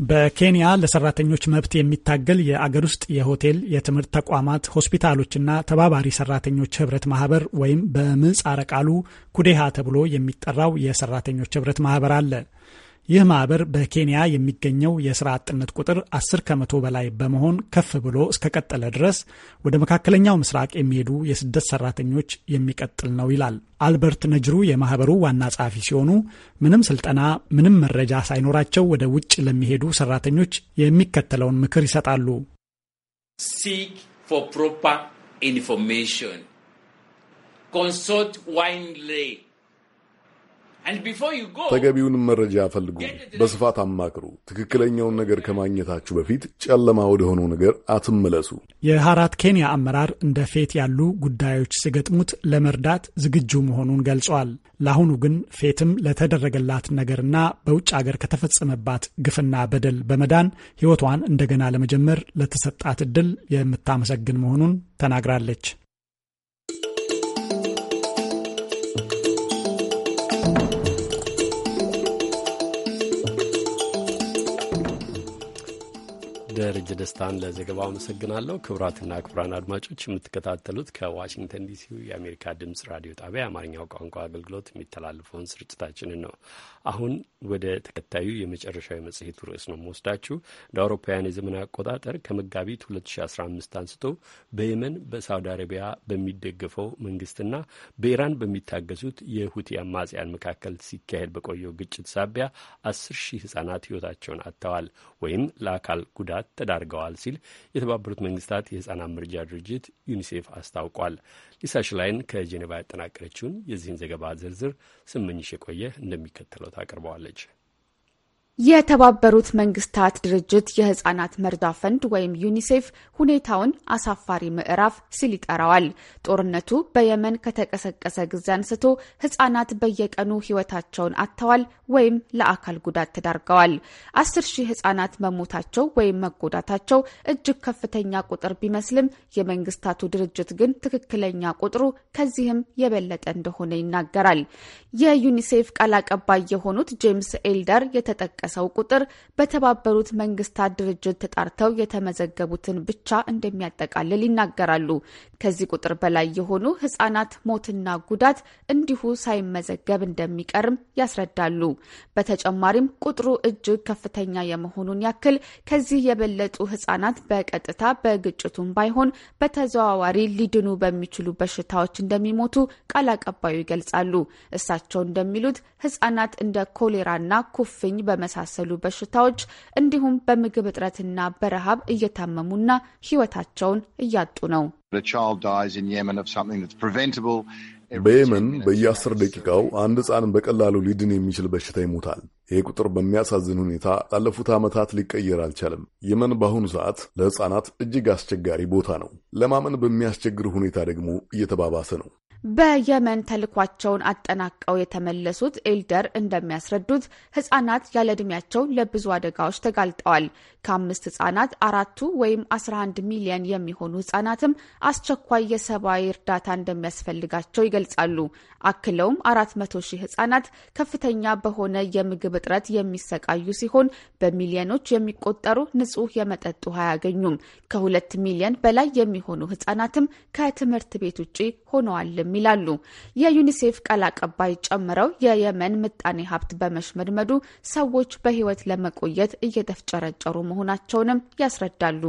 በኬንያ ለሰራተኞች መብት የሚታገል የአገር ውስጥ የሆቴል፣ የትምህርት ተቋማት፣ ሆስፒታሎችና ተባባሪ ሰራተኞች ህብረት ማህበር ወይም በምህጻረ ቃሉ ኩዴሃ ተብሎ የሚጠራው የሰራተኞች ህብረት ማህበር አለ። ይህ ማህበር በኬንያ የሚገኘው የስራ አጥነት ቁጥር 10 ከመቶ በላይ በመሆን ከፍ ብሎ እስከቀጠለ ድረስ ወደ መካከለኛው ምስራቅ የሚሄዱ የስደት ሰራተኞች የሚቀጥል ነው ይላል። አልበርት ነጅሩ የማህበሩ ዋና ጸሐፊ ሲሆኑ ምንም ስልጠና፣ ምንም መረጃ ሳይኖራቸው ወደ ውጭ ለሚሄዱ ሰራተኞች የሚከተለውን ምክር ይሰጣሉ። Seek for ተገቢውንም መረጃ ፈልጉ፣ በስፋት አማክሩ። ትክክለኛውን ነገር ከማግኘታችሁ በፊት ጨለማ ወደሆነው ነገር አትመለሱ። የሀራት ኬንያ አመራር እንደ ፌት ያሉ ጉዳዮች ሲገጥሙት ለመርዳት ዝግጁ መሆኑን ገልጿል። ለአሁኑ ግን ፌትም ለተደረገላት ነገርና በውጭ አገር ከተፈጸመባት ግፍና በደል በመዳን ሕይወቷን እንደገና ለመጀመር ለተሰጣት እድል የምታመሰግን መሆኑን ተናግራለች። ደረጀ ደስታን ለዘገባው አመሰግናለሁ። ክቡራትና ክቡራን አድማጮች የምትከታተሉት ከዋሽንግተን ዲሲ የአሜሪካ ድምጽ ራዲዮ ጣቢያ የአማርኛው ቋንቋ አገልግሎት የሚተላለፈውን ስርጭታችንን ነው። አሁን ወደ ተከታዩ የመጨረሻዊ መጽሔቱ ርዕስ ነው መወስዳችሁ። እንደ አውሮፓውያን የዘመን አቆጣጠር ከመጋቢት 2015 አንስቶ በየመን በሳውዲ አረቢያ በሚደገፈው መንግስትና በኢራን በሚታገዙት የሁቲ አማጽያን መካከል ሲካሄድ በቆየው ግጭት ሳቢያ አስር ሺህ ህጻናት ህይወታቸውን አጥተዋል ወይም ለአካል ጉዳት ተዳርገዋል ሲል የተባበሩት መንግስታት የህጻናት መርጃ ድርጅት ዩኒሴፍ አስታውቋል። ሊሳ ሽላይን ከጄኔቫ ያጠናቀረችውን የዚህን ዘገባ ዝርዝር ስመኝሽ የቆየ እንደሚከተለው ታቀርበዋለች። የተባበሩት መንግስታት ድርጅት የህጻናት መርጃ ፈንድ ወይም ዩኒሴፍ ሁኔታውን አሳፋሪ ምዕራፍ ሲል ይጠራዋል። ጦርነቱ በየመን ከተቀሰቀሰ ጊዜ አንስቶ ህጻናት በየቀኑ ህይወታቸውን አጥተዋል ወይም ለአካል ጉዳት ተዳርገዋል። አስር ሺህ ህጻናት መሞታቸው ወይም መጎዳታቸው እጅግ ከፍተኛ ቁጥር ቢመስልም የመንግስታቱ ድርጅት ግን ትክክለኛ ቁጥሩ ከዚህም የበለጠ እንደሆነ ይናገራል። የዩኒሴፍ ቃል አቀባይ የሆኑት ጄምስ ኤልደር የተጠቀ ሰው ቁጥር በተባበሩት መንግስታት ድርጅት ተጣርተው የተመዘገቡትን ብቻ እንደሚያጠቃልል ይናገራሉ። ከዚህ ቁጥር በላይ የሆኑ ህጻናት ሞትና ጉዳት እንዲሁ ሳይመዘገብ እንደሚቀርም ያስረዳሉ። በተጨማሪም ቁጥሩ እጅግ ከፍተኛ የመሆኑን ያክል ከዚህ የበለጡ ህጻናት በቀጥታ በግጭቱም ባይሆን በተዘዋዋሪ ሊድኑ በሚችሉ በሽታዎች እንደሚሞቱ ቃል አቀባዩ ይገልጻሉ። እሳቸው እንደሚሉት ህጻናት እንደ ኮሌራና ኩፍኝ በመሳ በመሳሰሉ በሽታዎች እንዲሁም በምግብ እጥረትና በረሃብ እየታመሙና ሕይወታቸውን እያጡ ነው። በየመን በየአስር ደቂቃው አንድ ሕፃን በቀላሉ ሊድን የሚችል በሽታ ይሞታል። ይህ ቁጥር በሚያሳዝን ሁኔታ ላለፉት ዓመታት ሊቀየር አልቻለም። የመን በአሁኑ ሰዓት ለሕፃናት እጅግ አስቸጋሪ ቦታ ነው። ለማመን በሚያስቸግር ሁኔታ ደግሞ እየተባባሰ ነው። በየመን ተልኳቸውን አጠናቀው የተመለሱት ኤልደር እንደሚያስረዱት ህጻናት ያለዕድሜያቸው ለብዙ አደጋዎች ተጋልጠዋል። ከአምስት ህጻናት አራቱ ወይም 11 ሚሊየን የሚሆኑ ህጻናትም አስቸኳይ የሰብአዊ እርዳታ እንደሚያስፈልጋቸው ይገልጻሉ። አክለውም 400 ሺህ ህጻናት ከፍተኛ በሆነ የምግብ እጥረት የሚሰቃዩ ሲሆን በሚሊዮኖች የሚቆጠሩ ንጹህ የመጠጥ ውሃ አያገኙም። ከሁለት ሚሊየን በላይ የሚሆኑ ህጻናትም ከትምህርት ቤት ውጪ ሆነዋልም አይችልም ይላሉ። የዩኒሴፍ ቃል አቀባይ ጨምረው የየመን ምጣኔ ሀብት በመሽመድመዱ ሰዎች በህይወት ለመቆየት እየተፍጨረጨሩ መሆናቸውንም ያስረዳሉ።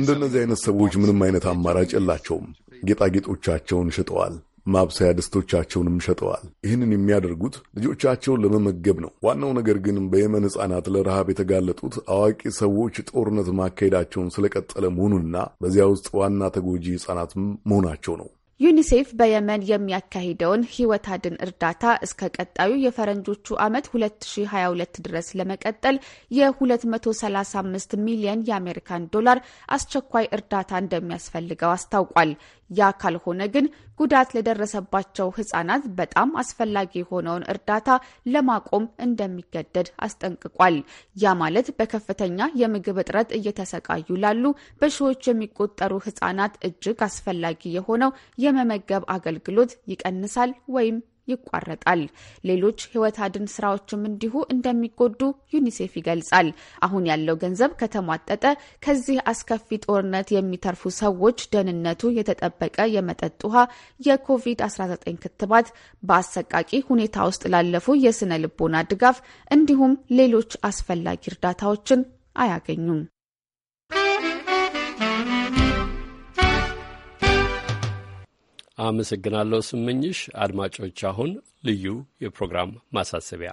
እንደነዚህ አይነት ሰዎች ምንም አይነት አማራጭ የላቸውም። ጌጣጌጦቻቸውን ሽጠዋል፣ ማብሰያ ድስቶቻቸውንም ሸጠዋል። ይህንን የሚያደርጉት ልጆቻቸውን ለመመገብ ነው። ዋናው ነገር ግን በየመን ሕጻናት ለረሃብ የተጋለጡት አዋቂ ሰዎች ጦርነት ማካሄዳቸውን ስለቀጠለ መሆኑንና በዚያ ውስጥ ዋና ተጎጂ ሕጻናት መሆናቸው ነው። ዩኒሴፍ በየመን የሚያካሂደውን ህይወት አድን እርዳታ እስከ ቀጣዩ የፈረንጆቹ ዓመት 2022 ድረስ ለመቀጠል የ235 ሚሊዮን የአሜሪካን ዶላር አስቸኳይ እርዳታ እንደሚያስፈልገው አስታውቋል። ያ ካልሆነ ግን ጉዳት ለደረሰባቸው ህጻናት በጣም አስፈላጊ የሆነውን እርዳታ ለማቆም እንደሚገደድ አስጠንቅቋል። ያ ማለት በከፍተኛ የምግብ እጥረት እየተሰቃዩ ላሉ በሺዎች የሚቆጠሩ ህጻናት እጅግ አስፈላጊ የሆነው የመመገብ አገልግሎት ይቀንሳል ወይም ይቋረጣል። ሌሎች ህይወት አድን ስራዎችም እንዲሁ እንደሚጎዱ ዩኒሴፍ ይገልጻል። አሁን ያለው ገንዘብ ከተሟጠጠ ከዚህ አስከፊ ጦርነት የሚተርፉ ሰዎች ደህንነቱ የተጠበቀ የመጠጥ ውሃ፣ የኮቪድ-19 ክትባት፣ በአሰቃቂ ሁኔታ ውስጥ ላለፉ የስነ ልቦና ድጋፍ እንዲሁም ሌሎች አስፈላጊ እርዳታዎችን አያገኙም። አመሰግናለሁ ስመኝሽ። አድማጮች፣ አሁን ልዩ የፕሮግራም ማሳሰቢያ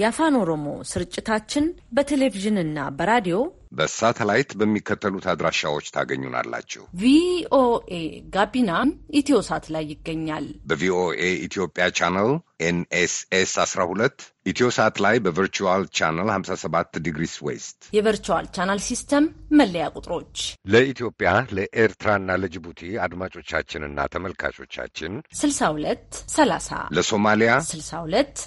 የአፋን ኦሮሞ ስርጭታችን በቴሌቪዥንና በራዲዮ በሳተላይት በሚከተሉት አድራሻዎች ታገኙናላችሁ። ቪኦኤ ጋቢናም ኢትዮ ሳት ላይ ይገኛል። በቪኦኤ ኢትዮጵያ ቻናል ኤንኤስኤስ 12 ኢትዮ ሳት ላይ በቨርቹዋል ቻናል 57 ዲግሪስ ዌስት የቨርቹዋል ቻናል ሲስተም መለያ ቁጥሮች ለኢትዮጵያ ለኤርትራና ለጅቡቲ አድማጮቻችንና ተመልካቾቻችን 62 30 ለሶማሊያ 62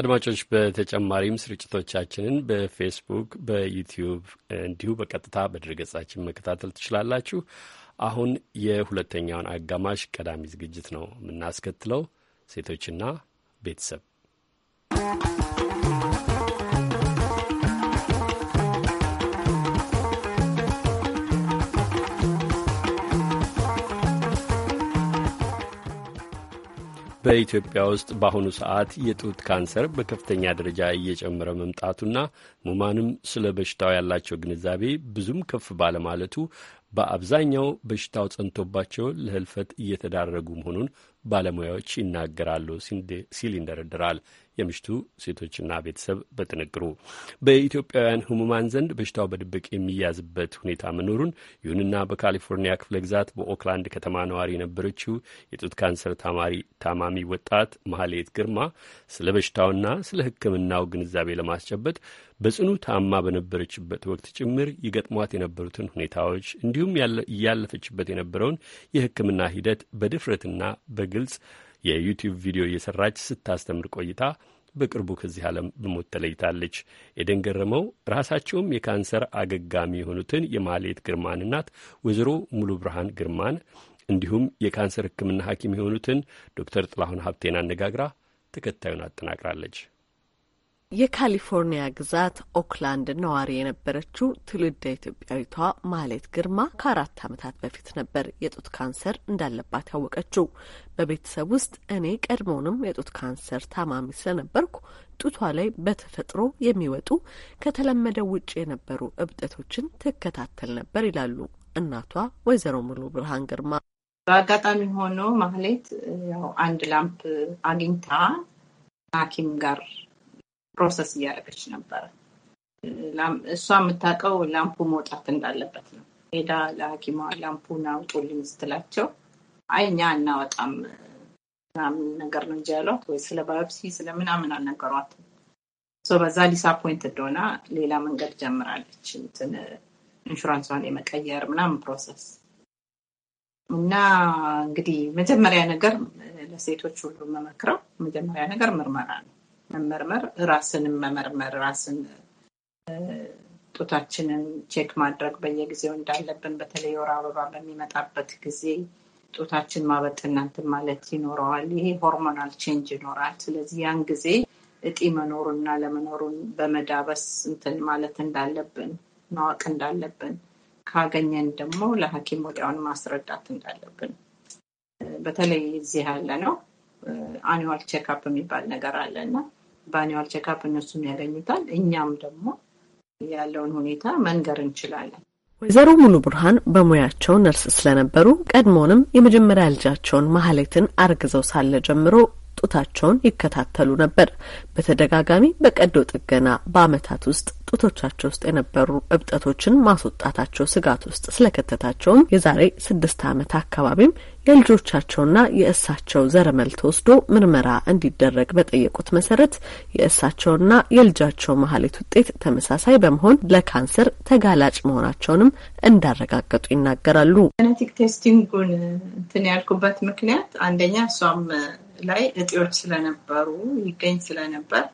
አድማጮች በተጨማሪም ስርጭቶቻችንን በፌስቡክ፣ በዩቲዩብ እንዲሁ በቀጥታ በድረገጻችን መከታተል ትችላላችሁ። አሁን የሁለተኛውን አጋማሽ ቀዳሚ ዝግጅት ነው የምናስከትለው ሴቶችና ቤተሰብ በኢትዮጵያ ውስጥ በአሁኑ ሰዓት የጡት ካንሰር በከፍተኛ ደረጃ እየጨመረ መምጣቱና ሙማንም ስለ በሽታው ያላቸው ግንዛቤ ብዙም ከፍ ባለማለቱ በአብዛኛው በሽታው ጸንቶባቸው ለህልፈት እየተዳረጉ መሆኑን ባለሙያዎች ይናገራሉ ሲል ይንደረድራል የምሽቱ ሴቶችና ቤተሰብ በጥንቅሩ በኢትዮጵያውያን ህሙማን ዘንድ በሽታው በድብቅ የሚያዝበት ሁኔታ መኖሩን፣ ይሁንና በካሊፎርኒያ ክፍለ ግዛት በኦክላንድ ከተማ ነዋሪ የነበረችው የጡት ካንሰር ታማሚ ወጣት መሀሌት ግርማ ስለ በሽታውና ስለ ሕክምናው ግንዛቤ ለማስጨበጥ በጽኑ ታማ በነበረችበት ወቅት ጭምር ይገጥሟት የነበሩትን ሁኔታዎች እንዲሁም እያለፈችበት የነበረውን የሕክምና ሂደት በድፍረትና በግልጽ የዩቲዩብ ቪዲዮ እየሰራች ስታስተምር ቆይታ በቅርቡ ከዚህ ዓለም በሞት ተለይታለች። ኤደን ገረመው ራሳቸውም የካንሰር አገጋሚ የሆኑትን የማሌት ግርማን እናት ወይዘሮ ሙሉ ብርሃን ግርማን እንዲሁም የካንሰር ሕክምና ሐኪም የሆኑትን ዶክተር ጥላሁን ሀብቴን አነጋግራ ተከታዩን አጠናቅራለች። የካሊፎርኒያ ግዛት ኦክላንድ ነዋሪ የነበረችው ትውልደ ኢትዮጵያዊቷ ማሌት ግርማ ከአራት ዓመታት በፊት ነበር የጡት ካንሰር እንዳለባት ያወቀችው። በቤተሰብ ውስጥ እኔ ቀድሞውንም የጡት ካንሰር ታማሚ ስለነበርኩ ጡቷ ላይ በተፈጥሮ የሚወጡ ከተለመደ ውጭ የነበሩ እብጠቶችን ትከታተል ነበር ይላሉ እናቷ ወይዘሮ ሙሉ ብርሃን ግርማ። በአጋጣሚ ሆኖ ማህሌት ያው አንድ ላምፕ አግኝታ ሐኪም ጋር ፕሮሰስ እያደረገች ነበረ። እሷ የምታውቀው ላምፑ መውጣት እንዳለበት ነው። ሄዳ ለሐኪሟ ላምፑን አውጡልኝ ስትላቸው አይ እኛ እናወጣም ምናምን ነገር ነው እንጂ ያሏት ወይ ስለ ባዮፕሲ ስለምናምን አልነገሯትም። በዛ ዲስአፖይንት እንደሆነ ሌላ መንገድ ጀምራለች። እንትን ኢንሹራንሷን የመቀየር ምናምን ፕሮሰስ እና እንግዲህ መጀመሪያ ነገር ለሴቶች ሁሉ መመክረው መጀመሪያ ነገር ምርመራ ነው። መመርመር፣ ራስንም መመርመር፣ ራስን ጡታችንን ቼክ ማድረግ በየጊዜው እንዳለብን በተለይ ወር አበባ በሚመጣበት ጊዜ ጡታችን ማበጥና እንትን ማለት ይኖረዋል። ይሄ ሆርሞናል ቼንጅ ይኖራል። ስለዚህ ያን ጊዜ እጢ መኖሩና ለመኖሩን በመዳበስ እንትን ማለት እንዳለብን ማወቅ እንዳለብን ካገኘን ደግሞ ለሐኪም ወዲያውን ማስረዳት እንዳለብን በተለይ እዚህ ያለ ነው አኒዋል ቼክአፕ የሚባል ነገር አለ እና በአኒዋል ቼካፕ እነሱም ያገኙታል። እኛም ደግሞ ያለውን ሁኔታ መንገር እንችላለን። ወይዘሮ ሙሉ ብርሃን በሙያቸው ነርስ ስለነበሩ ቀድሞውንም የመጀመሪያ ልጃቸውን ማህሌትን አርግዘው ሳለ ጀምሮ ጡታቸውን ይከታተሉ ነበር። በተደጋጋሚ በቀዶ ጥገና በአመታት ውስጥ ጡቶቻቸው ውስጥ የነበሩ እብጠቶችን ማስወጣታቸው ስጋት ውስጥ ስለከተታቸውም የዛሬ ስድስት አመት አካባቢም የልጆቻቸውና የእሳቸው ዘረመል ተወስዶ ምርመራ እንዲደረግ በጠየቁት መሰረት የእሳቸውና የልጃቸው መሀሌት ውጤት ተመሳሳይ በመሆን ለካንሰር ተጋላጭ መሆናቸውንም እንዳረጋገጡ ይናገራሉ። ጄኔቲክ ቴስቲንጉን እንትን ያልኩበት ምክንያት አንደኛ እሷም ላይ እጢዎች ስለነበሩ ይገኝ ስለነበር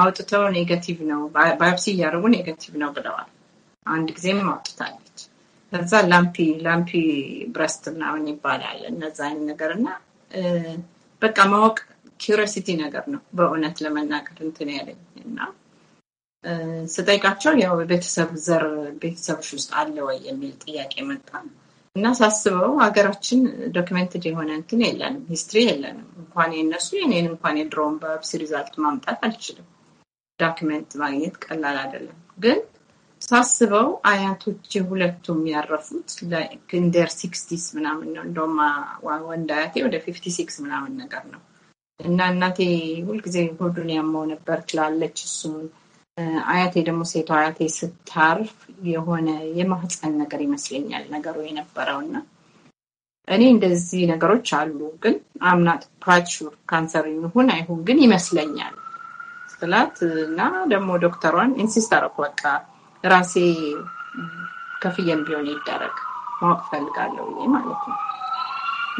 አውጥተው ኔጋቲቭ ነው ባዮፕሲ እያደረጉ ኔጋቲቭ ነው ብለዋል። አንድ ጊዜም አውጥታለች። ከዛ ላምፒ ላምፒ ብረስት ምናምን ይባላል እነዛ አይነት ነገር እና በቃ ማወቅ ኪሪሲቲ ነገር ነው በእውነት ለመናገር እንትን ያለኝ እና ስጠይቃቸው ያው ቤተሰብ ዘር ቤተሰብሽ ውስጥ አለ ወይ የሚል ጥያቄ መጣ። እና ሳስበው ሀገራችን ዶክመንትድ የሆነ እንትን የለንም፣ ሂስትሪ የለንም። እንኳን የነሱ የኔን እንኳን የድሮውን በብስ ሪዛልት ማምጣት አልችልም። ዶክመንት ማግኘት ቀላል አይደለም። ግን ሳስበው አያቶች ሁለቱም ያረፉት እንደር ሲክስቲስ ምናምን ነው። እንደውም ወንድ አያቴ ወደ ፊፍቲ ሲክስ ምናምን ነገር ነው እና እናቴ ሁልጊዜ ሆዱን ያመው ነበር ትላለች እሱን አያቴ ደግሞ ሴቷ አያቴ ስታርፍ የሆነ የማህፀን ነገር ይመስለኛል ነገሩ የነበረው እና እኔ እንደዚህ ነገሮች አሉ፣ ግን አምናት ፕራቹር ካንሰር ይሁን አይሁን ግን ይመስለኛል ስላት እና ደግሞ ዶክተሯን ኢንሲስት አረኩ። በቃ ራሴ ከፍየም ቢሆን ይደረግ ማወቅ ፈልጋለሁ ማለት ነው።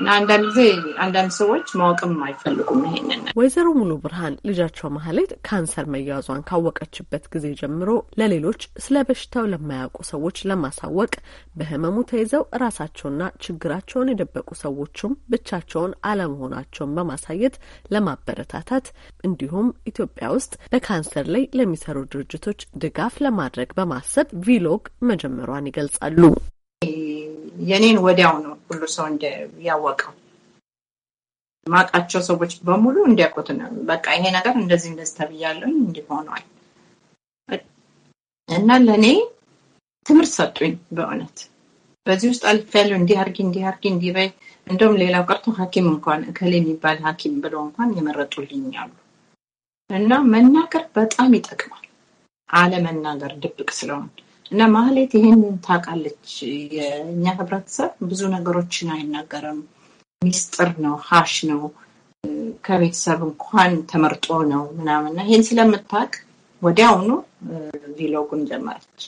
እና አንዳንድ ጊዜ አንዳንድ ሰዎች ማወቅም አይፈልጉም ይሄንን። ወይዘሮ ሙሉ ብርሃን ልጃቸው ማህሌት ካንሰር መያዟን ካወቀችበት ጊዜ ጀምሮ ለሌሎች ስለ በሽታው ለማያውቁ ሰዎች ለማሳወቅ በህመሙ ተይዘው ራሳቸውና ችግራቸውን የደበቁ ሰዎችም ብቻቸውን አለመሆናቸውን በማሳየት ለማበረታታት እንዲሁም ኢትዮጵያ ውስጥ በካንሰር ላይ ለሚሰሩ ድርጅቶች ድጋፍ ለማድረግ በማሰብ ቪሎግ መጀመሯን ይገልጻሉ። የኔን ወዲያው ነው ሁሉ ሰው ያወቀው። ማቃቸው ሰዎች በሙሉ እንዲያውቁት ነው። በቃ ይሄ ነገር እንደዚህ እንደዚህ ተብያለሁኝ እንዲህ እና ለእኔ ትምህርት ሰጡኝ። በእውነት በዚህ ውስጥ አልፌያለሁ። እንዲህ አርጊ፣ እንዲህ አርጊ፣ እንዲህ በይ። እንደውም ሌላው ቀርቶ ሐኪም እንኳን እከሌ የሚባል ሐኪም ብሎ እንኳን የመረጡልኝ አሉ እና መናገር በጣም ይጠቅማል። አለመናገር ድብቅ ስለሆን እና ማህሌት ይህን ታውቃለች። የእኛ ህብረተሰብ ብዙ ነገሮችን አይናገርም። ሚስጥር ነው፣ ሀሽ ነው፣ ከቤተሰብ እንኳን ተመርጦ ነው ምናምንና ይህን ስለምታውቅ ወዲያውኑ ቪሎጉን ጀመረች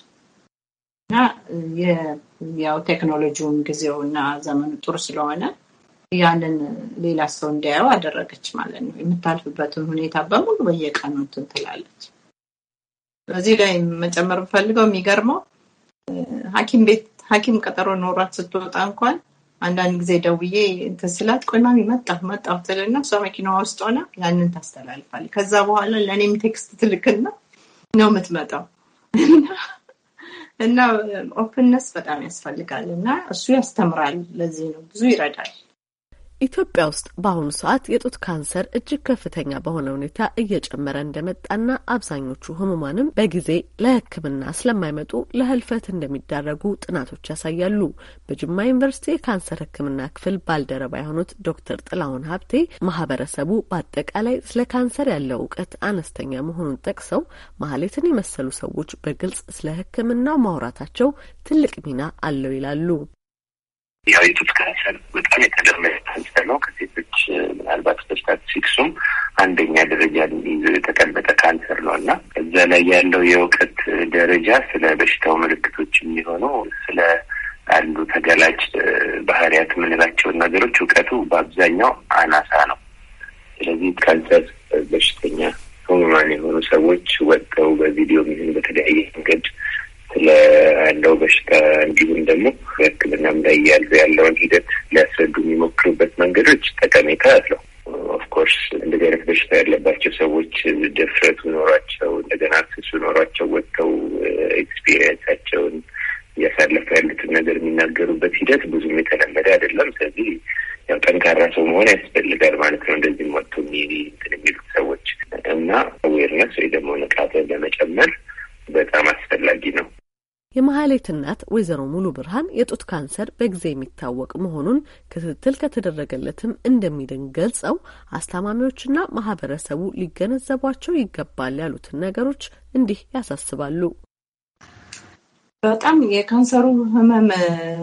እና ያው ቴክኖሎጂውን ጊዜው እና ዘመኑ ጥሩ ስለሆነ ያንን ሌላ ሰው እንዲያየው አደረገች ማለት ነው። የምታልፍበትን ሁኔታ በሙሉ በየቀኑ እንትን ትላለች። በዚህ ላይ መጨመር ብፈልገው የሚገርመው ሐኪም ቤት ሐኪም ቀጠሮ ኖሯት ስትወጣ እንኳን አንዳንድ ጊዜ ደውዬ እንትን ስላት ቆይ ማሚ መጣሁ መጣሁ ትልና እሷ መኪናዋ ውስጥ ሆና ያንን ታስተላልፋል። ከዛ በኋላ ለእኔም ቴክስት ትልክና ነው የምትመጣው እና ኦፕንነስ በጣም ያስፈልጋል እና እሱ ያስተምራል። ለዚህ ነው ብዙ ይረዳል። ኢትዮጵያ ውስጥ በአሁኑ ሰዓት የጡት ካንሰር እጅግ ከፍተኛ በሆነ ሁኔታ እየጨመረ እንደመጣና አብዛኞቹ ህሙማንም በጊዜ ለሕክምና ስለማይመጡ ለህልፈት እንደሚዳረጉ ጥናቶች ያሳያሉ። በጅማ ዩኒቨርሲቲ የካንሰር ሕክምና ክፍል ባልደረባ የሆኑት ዶክተር ጥላሁን ሀብቴ ማህበረሰቡ በአጠቃላይ ስለ ካንሰር ያለው እውቀት አነስተኛ መሆኑን ጠቅሰው ማህሌትን የመሰሉ ሰዎች በግልጽ ስለ ሕክምናው ማውራታቸው ትልቅ ሚና አለው ይላሉ። የጡት ካንሰር በጣም የተለመደ ካንሰር ነው። ከሴቶች ምናልባት በስታቲስቲክሱም አንደኛ ደረጃ ይዞ የተቀመጠ ካንሰር ነው እና እዛ ላይ ያለው የእውቀት ደረጃ ስለ በሽታው ምልክቶች የሚሆኑ ስለ አንዱ ተገላጭ ባህሪያት የምንላቸውን ነገሮች እውቀቱ በአብዛኛው አናሳ ነው። ስለዚህ ካንሰር በሽተኛ ህሙማን የሆኑ ሰዎች ወጥተው በቪዲዮ ሚሆን በተለያየ መንገድ ስላለው በሽታ እንዲሁም ደግሞ በሕክምናም ላይ ያሉ ያለውን ሂደት ሊያስረዱ የሚሞክሩበት መንገዶች ጠቀሜታ አለው። ኦፍኮርስ እንደዚህ አይነት በሽታ ያለባቸው ሰዎች ድፍረቱ ኖሯቸው እንደገና ስሱ ኖሯቸው ወጥተው ኤክስፒሪየንሳቸውን እያሳለፈ ያሉትን ነገር የሚናገሩበት ሂደት ብዙም የተለመደ አይደለም። ስለዚህ ያው ጠንካራ ሰው መሆን ያስፈልጋል ማለት ነው። እንደዚህ ወጥቶ እንትን የሚሉት ሰዎች እና አዌርነስ ወይ ደግሞ ንቃተ ለመጨመር በጣም አስፈላጊ ነው። የመሀሌት እናት ወይዘሮ ሙሉ ብርሃን የጡት ካንሰር በጊዜ የሚታወቅ መሆኑን ክትትል ከተደረገለትም እንደሚድን ገልጸው አስታማሚዎችና ማህበረሰቡ ሊገነዘቧቸው ይገባል ያሉትን ነገሮች እንዲህ ያሳስባሉ። በጣም የካንሰሩ ህመም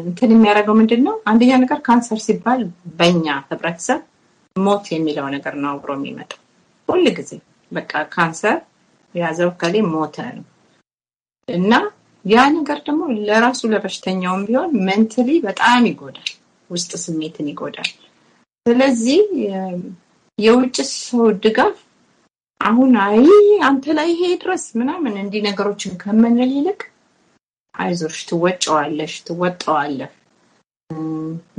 እንትን የሚያደርገው ምንድን ነው? አንደኛ ነገር ካንሰር ሲባል በኛ ህብረተሰብ ሞት የሚለው ነገር ነው አብሮ የሚመጣው ሁል ጊዜ በቃ ካንሰር የያዘው ከሌ ሞተ ነው እና ያ ነገር ደግሞ ለራሱ ለበሽተኛውም ቢሆን መንትሊ በጣም ይጎዳል፣ ውስጥ ስሜትን ይጎዳል። ስለዚህ የውጭ ሰው ድጋፍ አሁን አይ አንተ ላይ ይሄ ድረስ ምናምን እንዲህ ነገሮችን ከምንል ይልቅ አይዞሽ፣ ትወጨዋለሽ፣ ትወጠዋለህ፣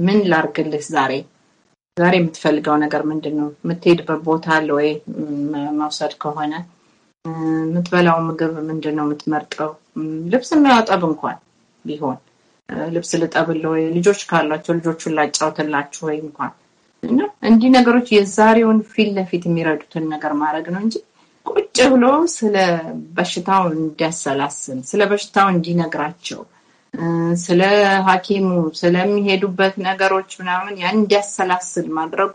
ምን ላርግልህ ዛሬ ዛሬ የምትፈልገው ነገር ምንድን ነው? የምትሄድበት ቦታ አለ ወይ? መውሰድ ከሆነ የምትበላው ምግብ ምንድን ነው የምትመርጠው? ልብስ የሚያጠብ እንኳን ቢሆን ልብስ ልጠብል ወይ ልጆች ካሏቸው ልጆቹን ላጫውትላችሁ ወይ እንኳን እና እንዲህ ነገሮች የዛሬውን ፊት ለፊት የሚረዱትን ነገር ማድረግ ነው እንጂ ቁጭ ብሎ ስለ በሽታው እንዲያሰላስል፣ ስለ በሽታው እንዲነግራቸው፣ ስለ ሐኪሙ ስለሚሄዱበት ነገሮች ምናምን ያን እንዲያሰላስል ማድረጉ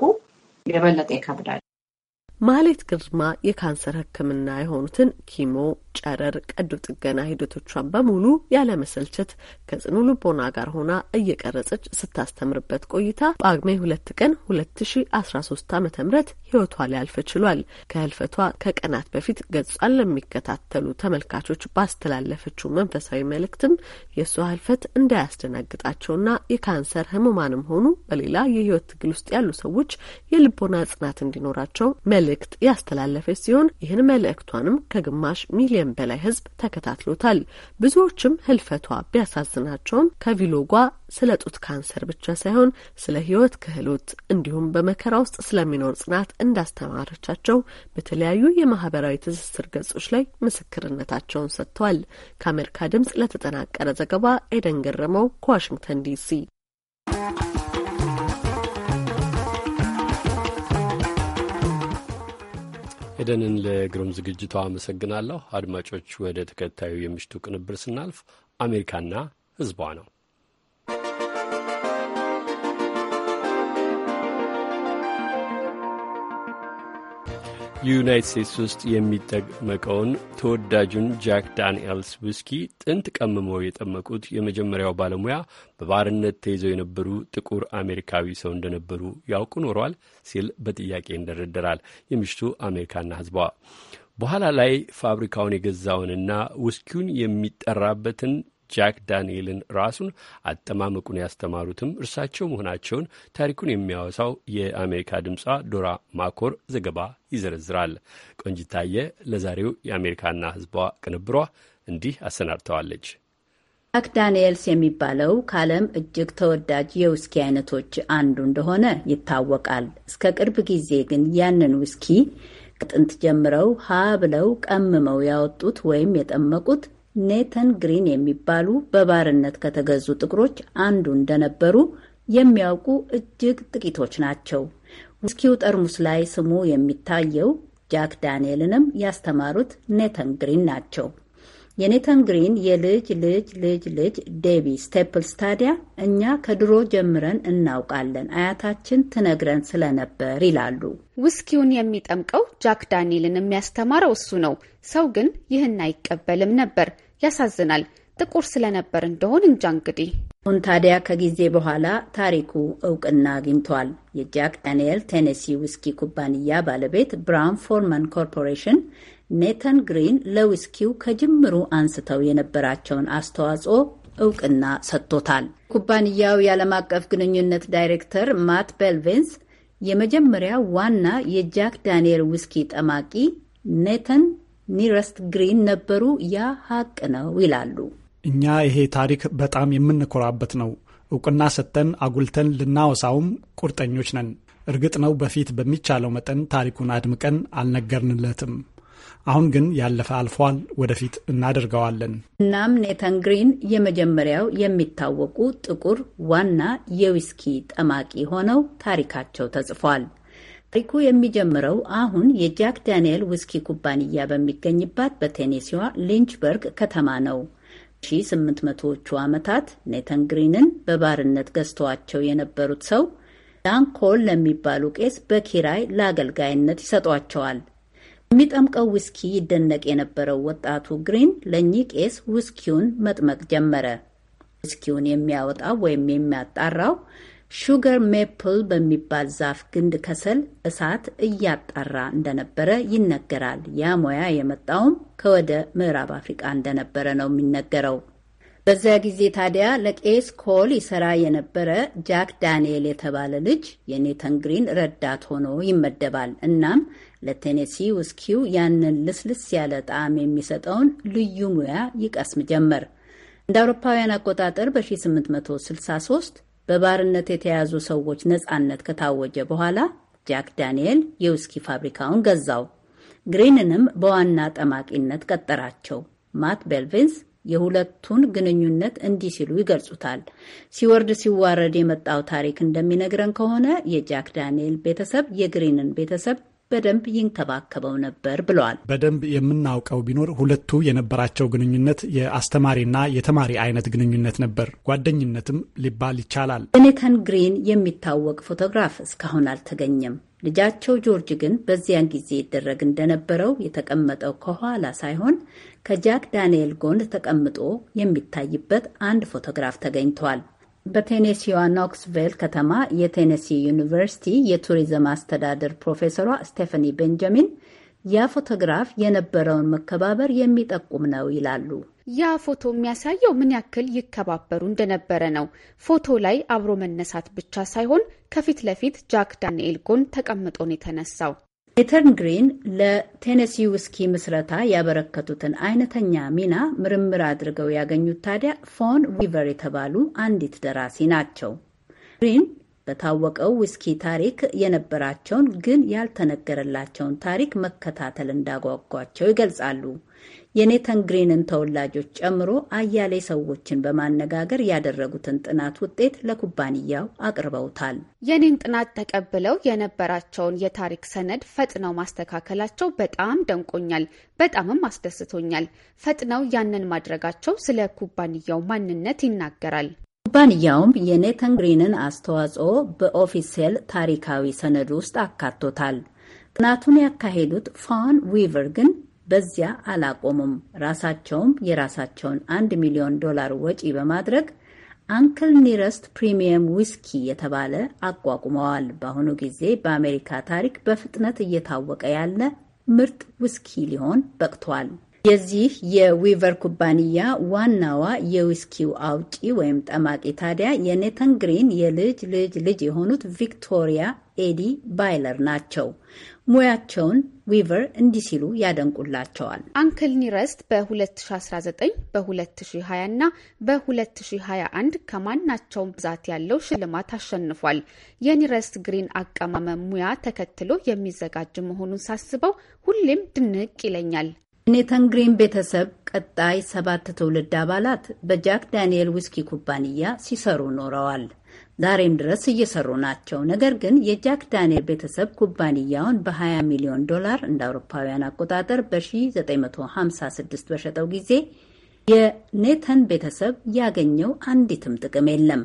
የበለጠ ይከብዳል። ማህሌት ግርማ የካንሰር ሕክምና የሆኑትን ኪሞ፣ ጨረር፣ ቀዶ ጥገና ሂደቶቿን በሙሉ ያለመሰልቸት ከጽኑ ልቦና ጋር ሆና እየቀረጸች ስታስተምርበት ቆይታ በጳጉሜ ሁለት ቀን ሁለት ሺ አስራ ሶስት አመተ ምህረት ህይወቷ ሊያልፍ ችሏል። ከህልፈቷ ከቀናት በፊት ገጿን ለሚከታተሉ ተመልካቾች ባስተላለፈችው መንፈሳዊ መልእክትም የእሷ ህልፈት እንዳያስደናግጣቸውና የካንሰር ህሙማንም ሆኑ በሌላ የህይወት ትግል ውስጥ ያሉ ሰዎች የልቦና ጽናት እንዲኖራቸው መል መልእክት ያስተላለፈች ሲሆን ይህን መልእክቷንም ከግማሽ ሚሊዮን በላይ ህዝብ ተከታትሎታል። ብዙዎችም ህልፈቷ ቢያሳዝናቸውም ከቪሎጓ ስለ ጡት ካንሰር ብቻ ሳይሆን ስለ ህይወት ክህሎት እንዲሁም በመከራ ውስጥ ስለሚኖር ጽናት እንዳስተማረቻቸው በተለያዩ የማህበራዊ ትስስር ገጾች ላይ ምስክርነታቸውን ሰጥተዋል። ከአሜሪካ ድምጽ ለተጠናቀረ ዘገባ ኤደን ገረመው ከዋሽንግተን ዲሲ። ኤደንን ለግሩም ዝግጅቷ አመሰግናለሁ። አድማጮች፣ ወደ ተከታዩ የምሽቱ ቅንብር ስናልፍ አሜሪካና ህዝቧ ነው። ዩናይት ስቴትስ ውስጥ የሚጠመቀውን ተወዳጁን ጃክ ዳንኤልስ ውስኪ ጥንት ቀምመው የጠመቁት የመጀመሪያው ባለሙያ በባርነት ተይዘው የነበሩ ጥቁር አሜሪካዊ ሰው እንደነበሩ ያውቁ ኖሯል ሲል በጥያቄ ይንደረደራል የምሽቱ አሜሪካና ህዝቧ በኋላ ላይ ፋብሪካውን የገዛውንና ውስኪውን የሚጠራበትን ጃክ ዳንኤልን ራሱን አጠማመቁን ያስተማሩትም እርሳቸው መሆናቸውን ታሪኩን የሚያወሳው የአሜሪካ ድምጿ ዶራ ማኮር ዘገባ ይዘረዝራል። ቆንጅታየ ለዛሬው የአሜሪካና ሕዝቧ ቅንብሯ እንዲህ አሰናድተዋለች። ጃክ ዳንኤልስ የሚባለው ከዓለም እጅግ ተወዳጅ የውስኪ አይነቶች አንዱ እንደሆነ ይታወቃል። እስከ ቅርብ ጊዜ ግን ያንን ውስኪ ከጥንት ጀምረው ሀ ብለው ቀምመው ያወጡት ወይም የጠመቁት ኔተን ግሪን የሚባሉ በባርነት ከተገዙ ጥቁሮች አንዱ እንደነበሩ የሚያውቁ እጅግ ጥቂቶች ናቸው። ውስኪው ጠርሙስ ላይ ስሙ የሚታየው ጃክ ዳንኤልንም ያስተማሩት ኔተን ግሪን ናቸው። የኔተን ግሪን የልጅ ልጅ ልጅ ልጅ ዴቢ ስቴፕልስ ታዲያ እኛ ከድሮ ጀምረን እናውቃለን፣ አያታችን ትነግረን ስለነበር ይላሉ። ውስኪውን የሚጠምቀው ጃክ ዳንኤልን የሚያስተማረው እሱ ነው። ሰው ግን ይህን አይቀበልም ነበር። ያሳዝናል። ጥቁር ስለነበር እንደሆን እንጃ እንግዲህ። አሁን ታዲያ ከጊዜ በኋላ ታሪኩ እውቅና አግኝቷል። የጃክ ዳንኤል ቴኔሲ ውስኪ ኩባንያ ባለቤት ብራውን ፎርማን ኮርፖሬሽን ኔተን ግሪን ለውስኪው ከጅምሩ አንስተው የነበራቸውን አስተዋጽኦ እውቅና ሰጥቶታል። ኩባንያው የዓለም አቀፍ ግንኙነት ዳይሬክተር ማት ቤልቬንስ የመጀመሪያ ዋና የጃክ ዳንኤል ውስኪ ጠማቂ ኔተን ኒረስት ግሪን ነበሩ። ያ ሀቅ ነው ይላሉ። እኛ ይሄ ታሪክ በጣም የምንኮራበት ነው። እውቅና ሰጥተን አጉልተን ልናወሳውም ቁርጠኞች ነን። እርግጥ ነው በፊት በሚቻለው መጠን ታሪኩን አድምቀን አልነገርንለትም። አሁን ግን ያለፈ አልፏል፣ ወደፊት እናደርገዋለን። እናም ኔታን ግሪን የመጀመሪያው የሚታወቁ ጥቁር ዋና የዊስኪ ጠማቂ ሆነው ታሪካቸው ተጽፏል። ታሪኩ የሚጀምረው አሁን የጃክ ዳንኤል ውስኪ ኩባንያ በሚገኝባት በቴኔሲዋ ሊንችበርግ ከተማ ነው። ሺ800ዎቹ ዓመታት ኔተን ግሪንን በባርነት ገዝተዋቸው የነበሩት ሰው ዳን ኮል ለሚባሉ ቄስ በኪራይ ለአገልጋይነት ይሰጧቸዋል። የሚጠምቀው ውስኪ ይደነቅ የነበረው ወጣቱ ግሪን ለእኚህ ቄስ ውስኪውን መጥመቅ ጀመረ። ውስኪውን የሚያወጣው ወይም የሚያጣራው ሹገር ሜፕል በሚባል ዛፍ ግንድ ከሰል እሳት እያጣራ እንደነበረ ይነገራል። ያ ሙያ የመጣውም ከወደ ምዕራብ አፍሪቃ እንደነበረ ነው የሚነገረው። በዚያ ጊዜ ታዲያ ለቄስ ኮል ይሰራ የነበረ ጃክ ዳንኤል የተባለ ልጅ የኔተን ግሪን ረዳት ሆኖ ይመደባል። እናም ለቴኔሲ ውስኪው ያንን ልስልስ ያለ ጣዕም የሚሰጠውን ልዩ ሙያ ይቀስም ጀመር። እንደ አውሮፓውያን አቆጣጠር በ1863 በባርነት የተያዙ ሰዎች ነጻነት ከታወጀ በኋላ ጃክ ዳንኤል የውስኪ ፋብሪካውን ገዛው። ግሪንንም በዋና ጠማቂነት ቀጠራቸው። ማት ቤልቪንስ የሁለቱን ግንኙነት እንዲህ ሲሉ ይገልጹታል። ሲወርድ ሲዋረድ የመጣው ታሪክ እንደሚነግረን ከሆነ የጃክ ዳንኤል ቤተሰብ የግሪንን ቤተሰብ በደንብ ይንከባከበው ነበር ብለዋል። በደንብ የምናውቀው ቢኖር ሁለቱ የነበራቸው ግንኙነት የአስተማሪና የተማሪ አይነት ግንኙነት ነበር፣ ጓደኝነትም ሊባል ይቻላል። በኔተን ግሪን የሚታወቅ ፎቶግራፍ እስካሁን አልተገኘም። ልጃቸው ጆርጅ ግን በዚያን ጊዜ ይደረግ እንደነበረው የተቀመጠው ከኋላ ሳይሆን ከጃክ ዳንኤል ጎን ተቀምጦ የሚታይበት አንድ ፎቶግራፍ ተገኝቷል። በቴኔሲዋ ኖክስቬል ከተማ የቴኔሲ ዩኒቨርሲቲ የቱሪዝም አስተዳደር ፕሮፌሰሯ ስቴፈኒ ቤንጃሚን ያ ፎቶግራፍ የነበረውን መከባበር የሚጠቁም ነው ይላሉ። ያ ፎቶ የሚያሳየው ምን ያክል ይከባበሩ እንደነበረ ነው። ፎቶ ላይ አብሮ መነሳት ብቻ ሳይሆን ከፊት ለፊት ጃክ ዳንኤል ጎን ተቀምጦን የተነሳው። ፔተርን ግሪን ለቴነሲ ውስኪ ምስረታ ያበረከቱትን አይነተኛ ሚና ምርምር አድርገው ያገኙት ታዲያ ፎን ዊቨር የተባሉ አንዲት ደራሲ ናቸው። ግሪን በታወቀው ዊስኪ ታሪክ የነበራቸውን ግን ያልተነገረላቸውን ታሪክ መከታተል እንዳጓጓቸው ይገልጻሉ። የኔተን ግሪንን ተወላጆች ጨምሮ አያሌ ሰዎችን በማነጋገር ያደረጉትን ጥናት ውጤት ለኩባንያው አቅርበውታል። የኔን ጥናት ተቀብለው የነበራቸውን የታሪክ ሰነድ ፈጥነው ማስተካከላቸው በጣም ደንቆኛል፣ በጣምም አስደስቶኛል። ፈጥነው ያንን ማድረጋቸው ስለ ኩባንያው ማንነት ይናገራል። ኩባንያውም የኔተን ግሪንን አስተዋጽኦ በኦፊሴል ታሪካዊ ሰነድ ውስጥ አካቶታል። ጥናቱን ያካሄዱት ፋን ዊቨር ግን በዚያ አላቆሙም። ራሳቸውም የራሳቸውን አንድ ሚሊዮን ዶላር ወጪ በማድረግ አንክል ኒረስት ፕሪሚየም ዊስኪ የተባለ አቋቁመዋል። በአሁኑ ጊዜ በአሜሪካ ታሪክ በፍጥነት እየታወቀ ያለ ምርጥ ዊስኪ ሊሆን በቅቷል። የዚህ የዊቨር ኩባንያ ዋናዋ የዊስኪው አውጪ ወይም ጠማቂ ታዲያ የኔተን ግሪን የልጅ ልጅ ልጅ የሆኑት ቪክቶሪያ ኤዲ ባይለር ናቸው። ሙያቸውን ዊቨር እንዲህ ሲሉ ያደንቁላቸዋል። አንክል ኒረስት በ2019 በ2020 እና በ2021 ከማናቸውም ብዛት ያለው ሽልማት አሸንፏል። የኒረስት ግሪን አቀማመም ሙያ ተከትሎ የሚዘጋጅ መሆኑን ሳስበው ሁሌም ድንቅ ይለኛል። የኔተን ግሪን ቤተሰብ ቀጣይ ሰባት ትውልድ አባላት በጃክ ዳንኤል ዊስኪ ኩባንያ ሲሰሩ ኖረዋል። ዛሬም ድረስ እየሰሩ ናቸው። ነገር ግን የጃክ ዳንኤል ቤተሰብ ኩባንያውን በ20 ሚሊዮን ዶላር እንደ አውሮፓውያን አቆጣጠር በ1956 በሸጠው ጊዜ የኔተን ቤተሰብ ያገኘው አንዲትም ጥቅም የለም።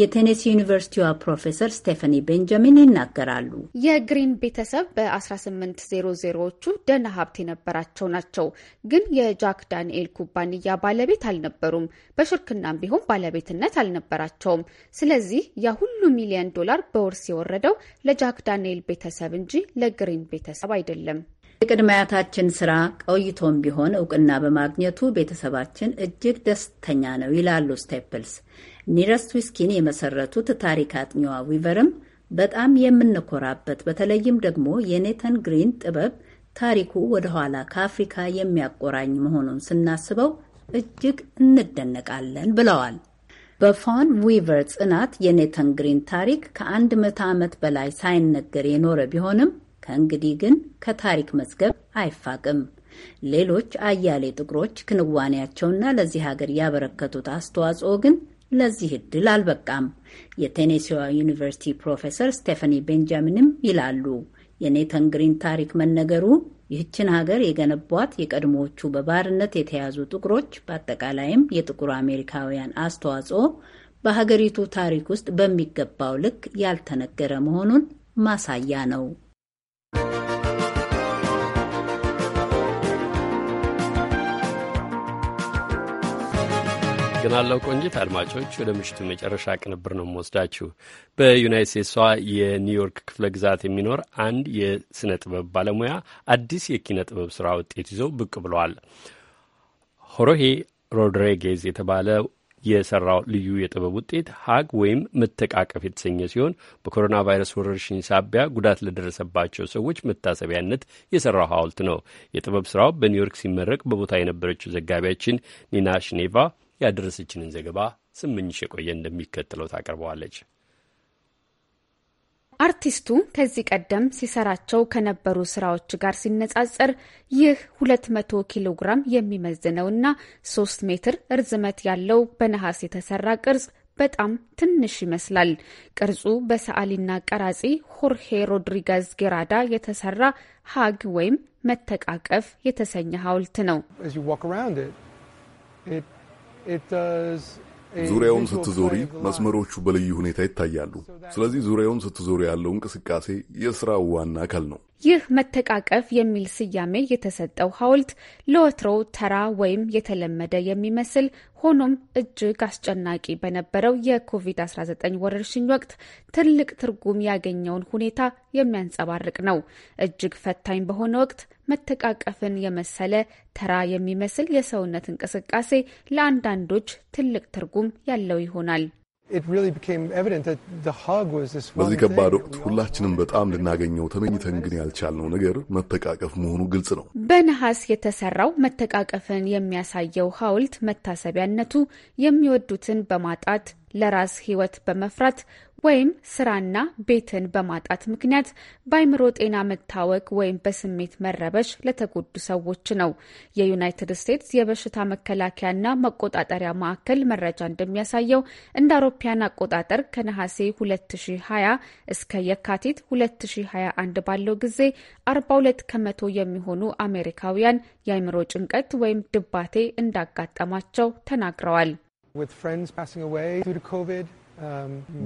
የቴኔሲ ዩኒቨርሲቲዋ ፕሮፌሰር ስቴፈኒ ቤንጃሚን ይናገራሉ። የግሪን ቤተሰብ በ1800ዎቹ ደህና ሀብት የነበራቸው ናቸው፣ ግን የጃክ ዳንኤል ኩባንያ ባለቤት አልነበሩም። በሽርክናም ቢሆን ባለቤትነት አልነበራቸውም። ስለዚህ ያ ሁሉ ሚሊዮን ዶላር በውርስ የወረደው ለጃክ ዳንኤል ቤተሰብ እንጂ ለግሪን ቤተሰብ አይደለም። የቅድመ አያታችን ስራ ቆይቶም ቢሆን እውቅና በማግኘቱ ቤተሰባችን እጅግ ደስተኛ ነው ይላሉ ስቴፕልስ። ኒረስት ዊስኪን የመሰረቱት ታሪክ አጥኚዋ ዊቨርም በጣም የምንኮራበት በተለይም ደግሞ የኔተን ግሪን ጥበብ ታሪኩ ወደ ኋላ ከአፍሪካ የሚያቆራኝ መሆኑን ስናስበው እጅግ እንደነቃለን ብለዋል። በፋን ዊቨር ጽናት የኔተን ግሪን ታሪክ ከአንድ መቶ ዓመት በላይ ሳይነገር የኖረ ቢሆንም ከእንግዲህ ግን ከታሪክ መዝገብ አይፋቅም። ሌሎች አያሌ ጥቁሮች ክንዋኔያቸውና ለዚህ ሀገር ያበረከቱት አስተዋጽኦ ግን ለዚህ እድል አልበቃም። የቴኔሲዋ ዩኒቨርሲቲ ፕሮፌሰር ስቴፈኒ ቤንጃሚንም ይላሉ የኔተን ግሪን ታሪክ መነገሩ ይህችን ሀገር የገነቧት የቀድሞዎቹ በባርነት የተያዙ ጥቁሮች በአጠቃላይም የጥቁር አሜሪካውያን አስተዋጽኦ በሀገሪቱ ታሪክ ውስጥ በሚገባው ልክ ያልተነገረ መሆኑን ማሳያ ነው አመሰግናለሁ ቆንጂት። አድማጮች ወደ ምሽቱ መጨረሻ ቅንብር ነው የምወስዳችሁ። በዩናይት ስቴትሷ የኒውዮርክ ክፍለ ግዛት የሚኖር አንድ የስነ ጥበብ ባለሙያ አዲስ የኪነ ጥበብ ስራ ውጤት ይዘው ብቅ ብለዋል። ሆሮሄ ሮድሪጌዝ የተባለ የሰራው ልዩ የጥበብ ውጤት ሀግ ወይም መተቃቀፍ የተሰኘ ሲሆን በኮሮና ቫይረስ ወረርሽኝ ሳቢያ ጉዳት ለደረሰባቸው ሰዎች መታሰቢያነት የሰራው ሐውልት ነው። የጥበብ ስራው በኒውዮርክ ሲመረቅ በቦታ የነበረችው ዘጋቢያችን ኒና ሽኔቫ ያደረሰችንን ዘገባ ስምንሽ የቆየ እንደሚከተለው ታቀርበዋለች። አርቲስቱ ከዚህ ቀደም ሲሰራቸው ከነበሩ ስራዎች ጋር ሲነጻጸር ይህ 200 ኪሎ ግራም የሚመዝነውና 3 ሜትር እርዝመት ያለው በነሐስ የተሰራ ቅርጽ በጣም ትንሽ ይመስላል። ቅርጹ በሰዓሊና ቀራጺ ሆርሄ ሮድሪጋዝ ጌራዳ የተሰራ ሀግ ወይም መተቃቀፍ የተሰኘ ሐውልት ነው። ዙሪያውን ስትዞሪ መስመሮቹ በልዩ ሁኔታ ይታያሉ። ስለዚህ ዙሪያውን ስትዞሪ ያለው እንቅስቃሴ የሥራው ዋና አካል ነው። ይህ መተቃቀፍ የሚል ስያሜ የተሰጠው ሐውልት ለወትሮው ተራ ወይም የተለመደ የሚመስል ሆኖም እጅግ አስጨናቂ በነበረው የኮቪድ-19 ወረርሽኝ ወቅት ትልቅ ትርጉም ያገኘውን ሁኔታ የሚያንጸባርቅ ነው። እጅግ ፈታኝ በሆነ ወቅት መተቃቀፍን የመሰለ ተራ የሚመስል የሰውነት እንቅስቃሴ ለአንዳንዶች ትልቅ ትርጉም ያለው ይሆናል። በዚህ ከባድ ወቅት ሁላችንም በጣም ልናገኘው ተመኝተን ግን ያልቻልነው ነገር መተቃቀፍ መሆኑ ግልጽ ነው። በነሐስ የተሰራው መተቃቀፍን የሚያሳየው ሐውልት መታሰቢያነቱ የሚወዱትን በማጣት ለራስ ሕይወት በመፍራት ወይም ስራና ቤትን በማጣት ምክንያት በአይምሮ ጤና መታወክ ወይም በስሜት መረበሽ ለተጎዱ ሰዎች ነው። የዩናይትድ ስቴትስ የበሽታ መከላከያና መቆጣጠሪያ ማዕከል መረጃ እንደሚያሳየው እንደ አውሮፓያን አቆጣጠር ከነሐሴ 2020 እስከ የካቲት 2021 ባለው ጊዜ 42 ከመቶ የሚሆኑ አሜሪካውያን የአይምሮ ጭንቀት ወይም ድባቴ እንዳጋጠማቸው ተናግረዋል።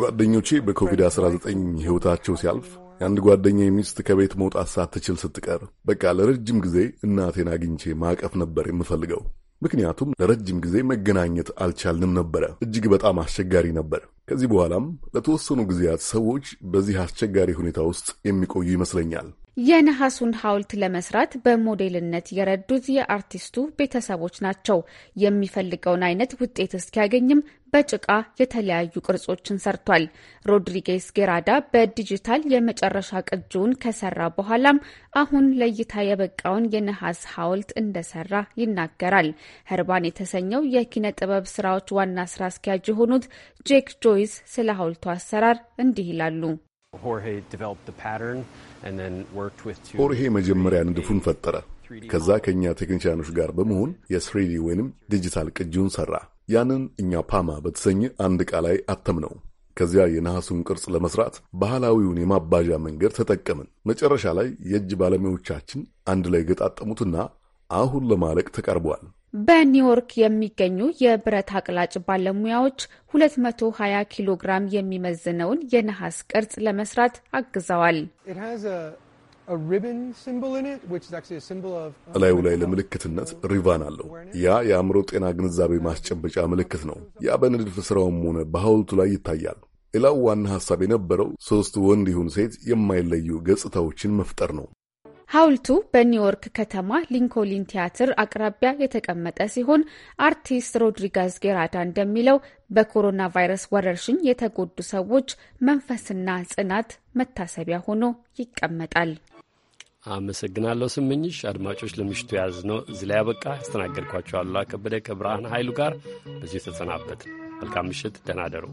ጓደኞቼ በኮቪድ-19 ሕይወታቸው ሲያልፍ የአንድ ጓደኛ ሚስት ከቤት መውጣት ሳትችል ስትቀር በቃ ለረጅም ጊዜ እናቴን አግኝቼ ማቀፍ ነበር የምፈልገው። ምክንያቱም ለረጅም ጊዜ መገናኘት አልቻልንም ነበረ። እጅግ በጣም አስቸጋሪ ነበር። ከዚህ በኋላም ለተወሰኑ ጊዜያት ሰዎች በዚህ አስቸጋሪ ሁኔታ ውስጥ የሚቆዩ ይመስለኛል። የነሐሱን ሐውልት ለመስራት በሞዴልነት የረዱት የአርቲስቱ ቤተሰቦች ናቸው። የሚፈልገውን አይነት ውጤት እስኪያገኝም በጭቃ የተለያዩ ቅርጾችን ሰርቷል። ሮድሪጌስ ጌራዳ በዲጂታል የመጨረሻ ቅጂውን ከሰራ በኋላም አሁን ለእይታ የበቃውን የነሐስ ሐውልት እንደሰራ ይናገራል። ህርባን የተሰኘው የኪነ ጥበብ ስራዎች ዋና ስራ አስኪያጅ የሆኑት ጄክ ጆይስ ስለ ሐውልቱ አሰራር እንዲህ ይላሉ። ኦርሄ መጀመሪያ ንድፉን ፈጠረ። ከዛ ከእኛ ቴክኒሽያኖች ጋር በመሆን የስሪዲ ወይንም ዲጂታል ቅጂውን ሰራ። ያንን እኛ ፓማ በተሰኘ አንድ ዕቃ ላይ አተምነው። ከዚያ የነሐሱን ቅርጽ ለመስራት ባህላዊውን የማባዣ መንገድ ተጠቀምን። መጨረሻ ላይ የእጅ ባለሙያዎቻችን አንድ ላይ ገጣጠሙትና አሁን ለማለቅ ተቃርቧል። በኒውዮርክ የሚገኙ የብረት አቅላጭ ባለሙያዎች 220 ኪሎ ግራም የሚመዝነውን የነሐስ ቅርጽ ለመስራት አግዘዋል። እላዩ ላይ ለምልክትነት ሪቫን አለው። ያ የአእምሮ ጤና ግንዛቤ ማስጨበጫ ምልክት ነው። ያ በንድፍ ስራውም ሆነ በሐውልቱ ላይ ይታያል። ሌላው ዋና ሐሳብ የነበረው ሦስት ወንድ ይሁን ሴት የማይለዩ ገጽታዎችን መፍጠር ነው። ሐውልቱ በኒውዮርክ ከተማ ሊንኮሊን ቲያትር አቅራቢያ የተቀመጠ ሲሆን አርቲስት ሮድሪጋዝ ጌራዳ እንደሚለው በኮሮና ቫይረስ ወረርሽኝ የተጎዱ ሰዎች መንፈስና ጽናት መታሰቢያ ሆኖ ይቀመጣል። አመሰግናለሁ ስምኝሽ። አድማጮች ለምሽቱ የያዝነው እዚህ ላይ ያበቃ። ያስተናገድኳቸው አሉላ ከበደ ከብርሃን ኃይሉ ጋር በዚሁ ተሰናበት። መልካም ምሽት፣ ደህና ደሩ።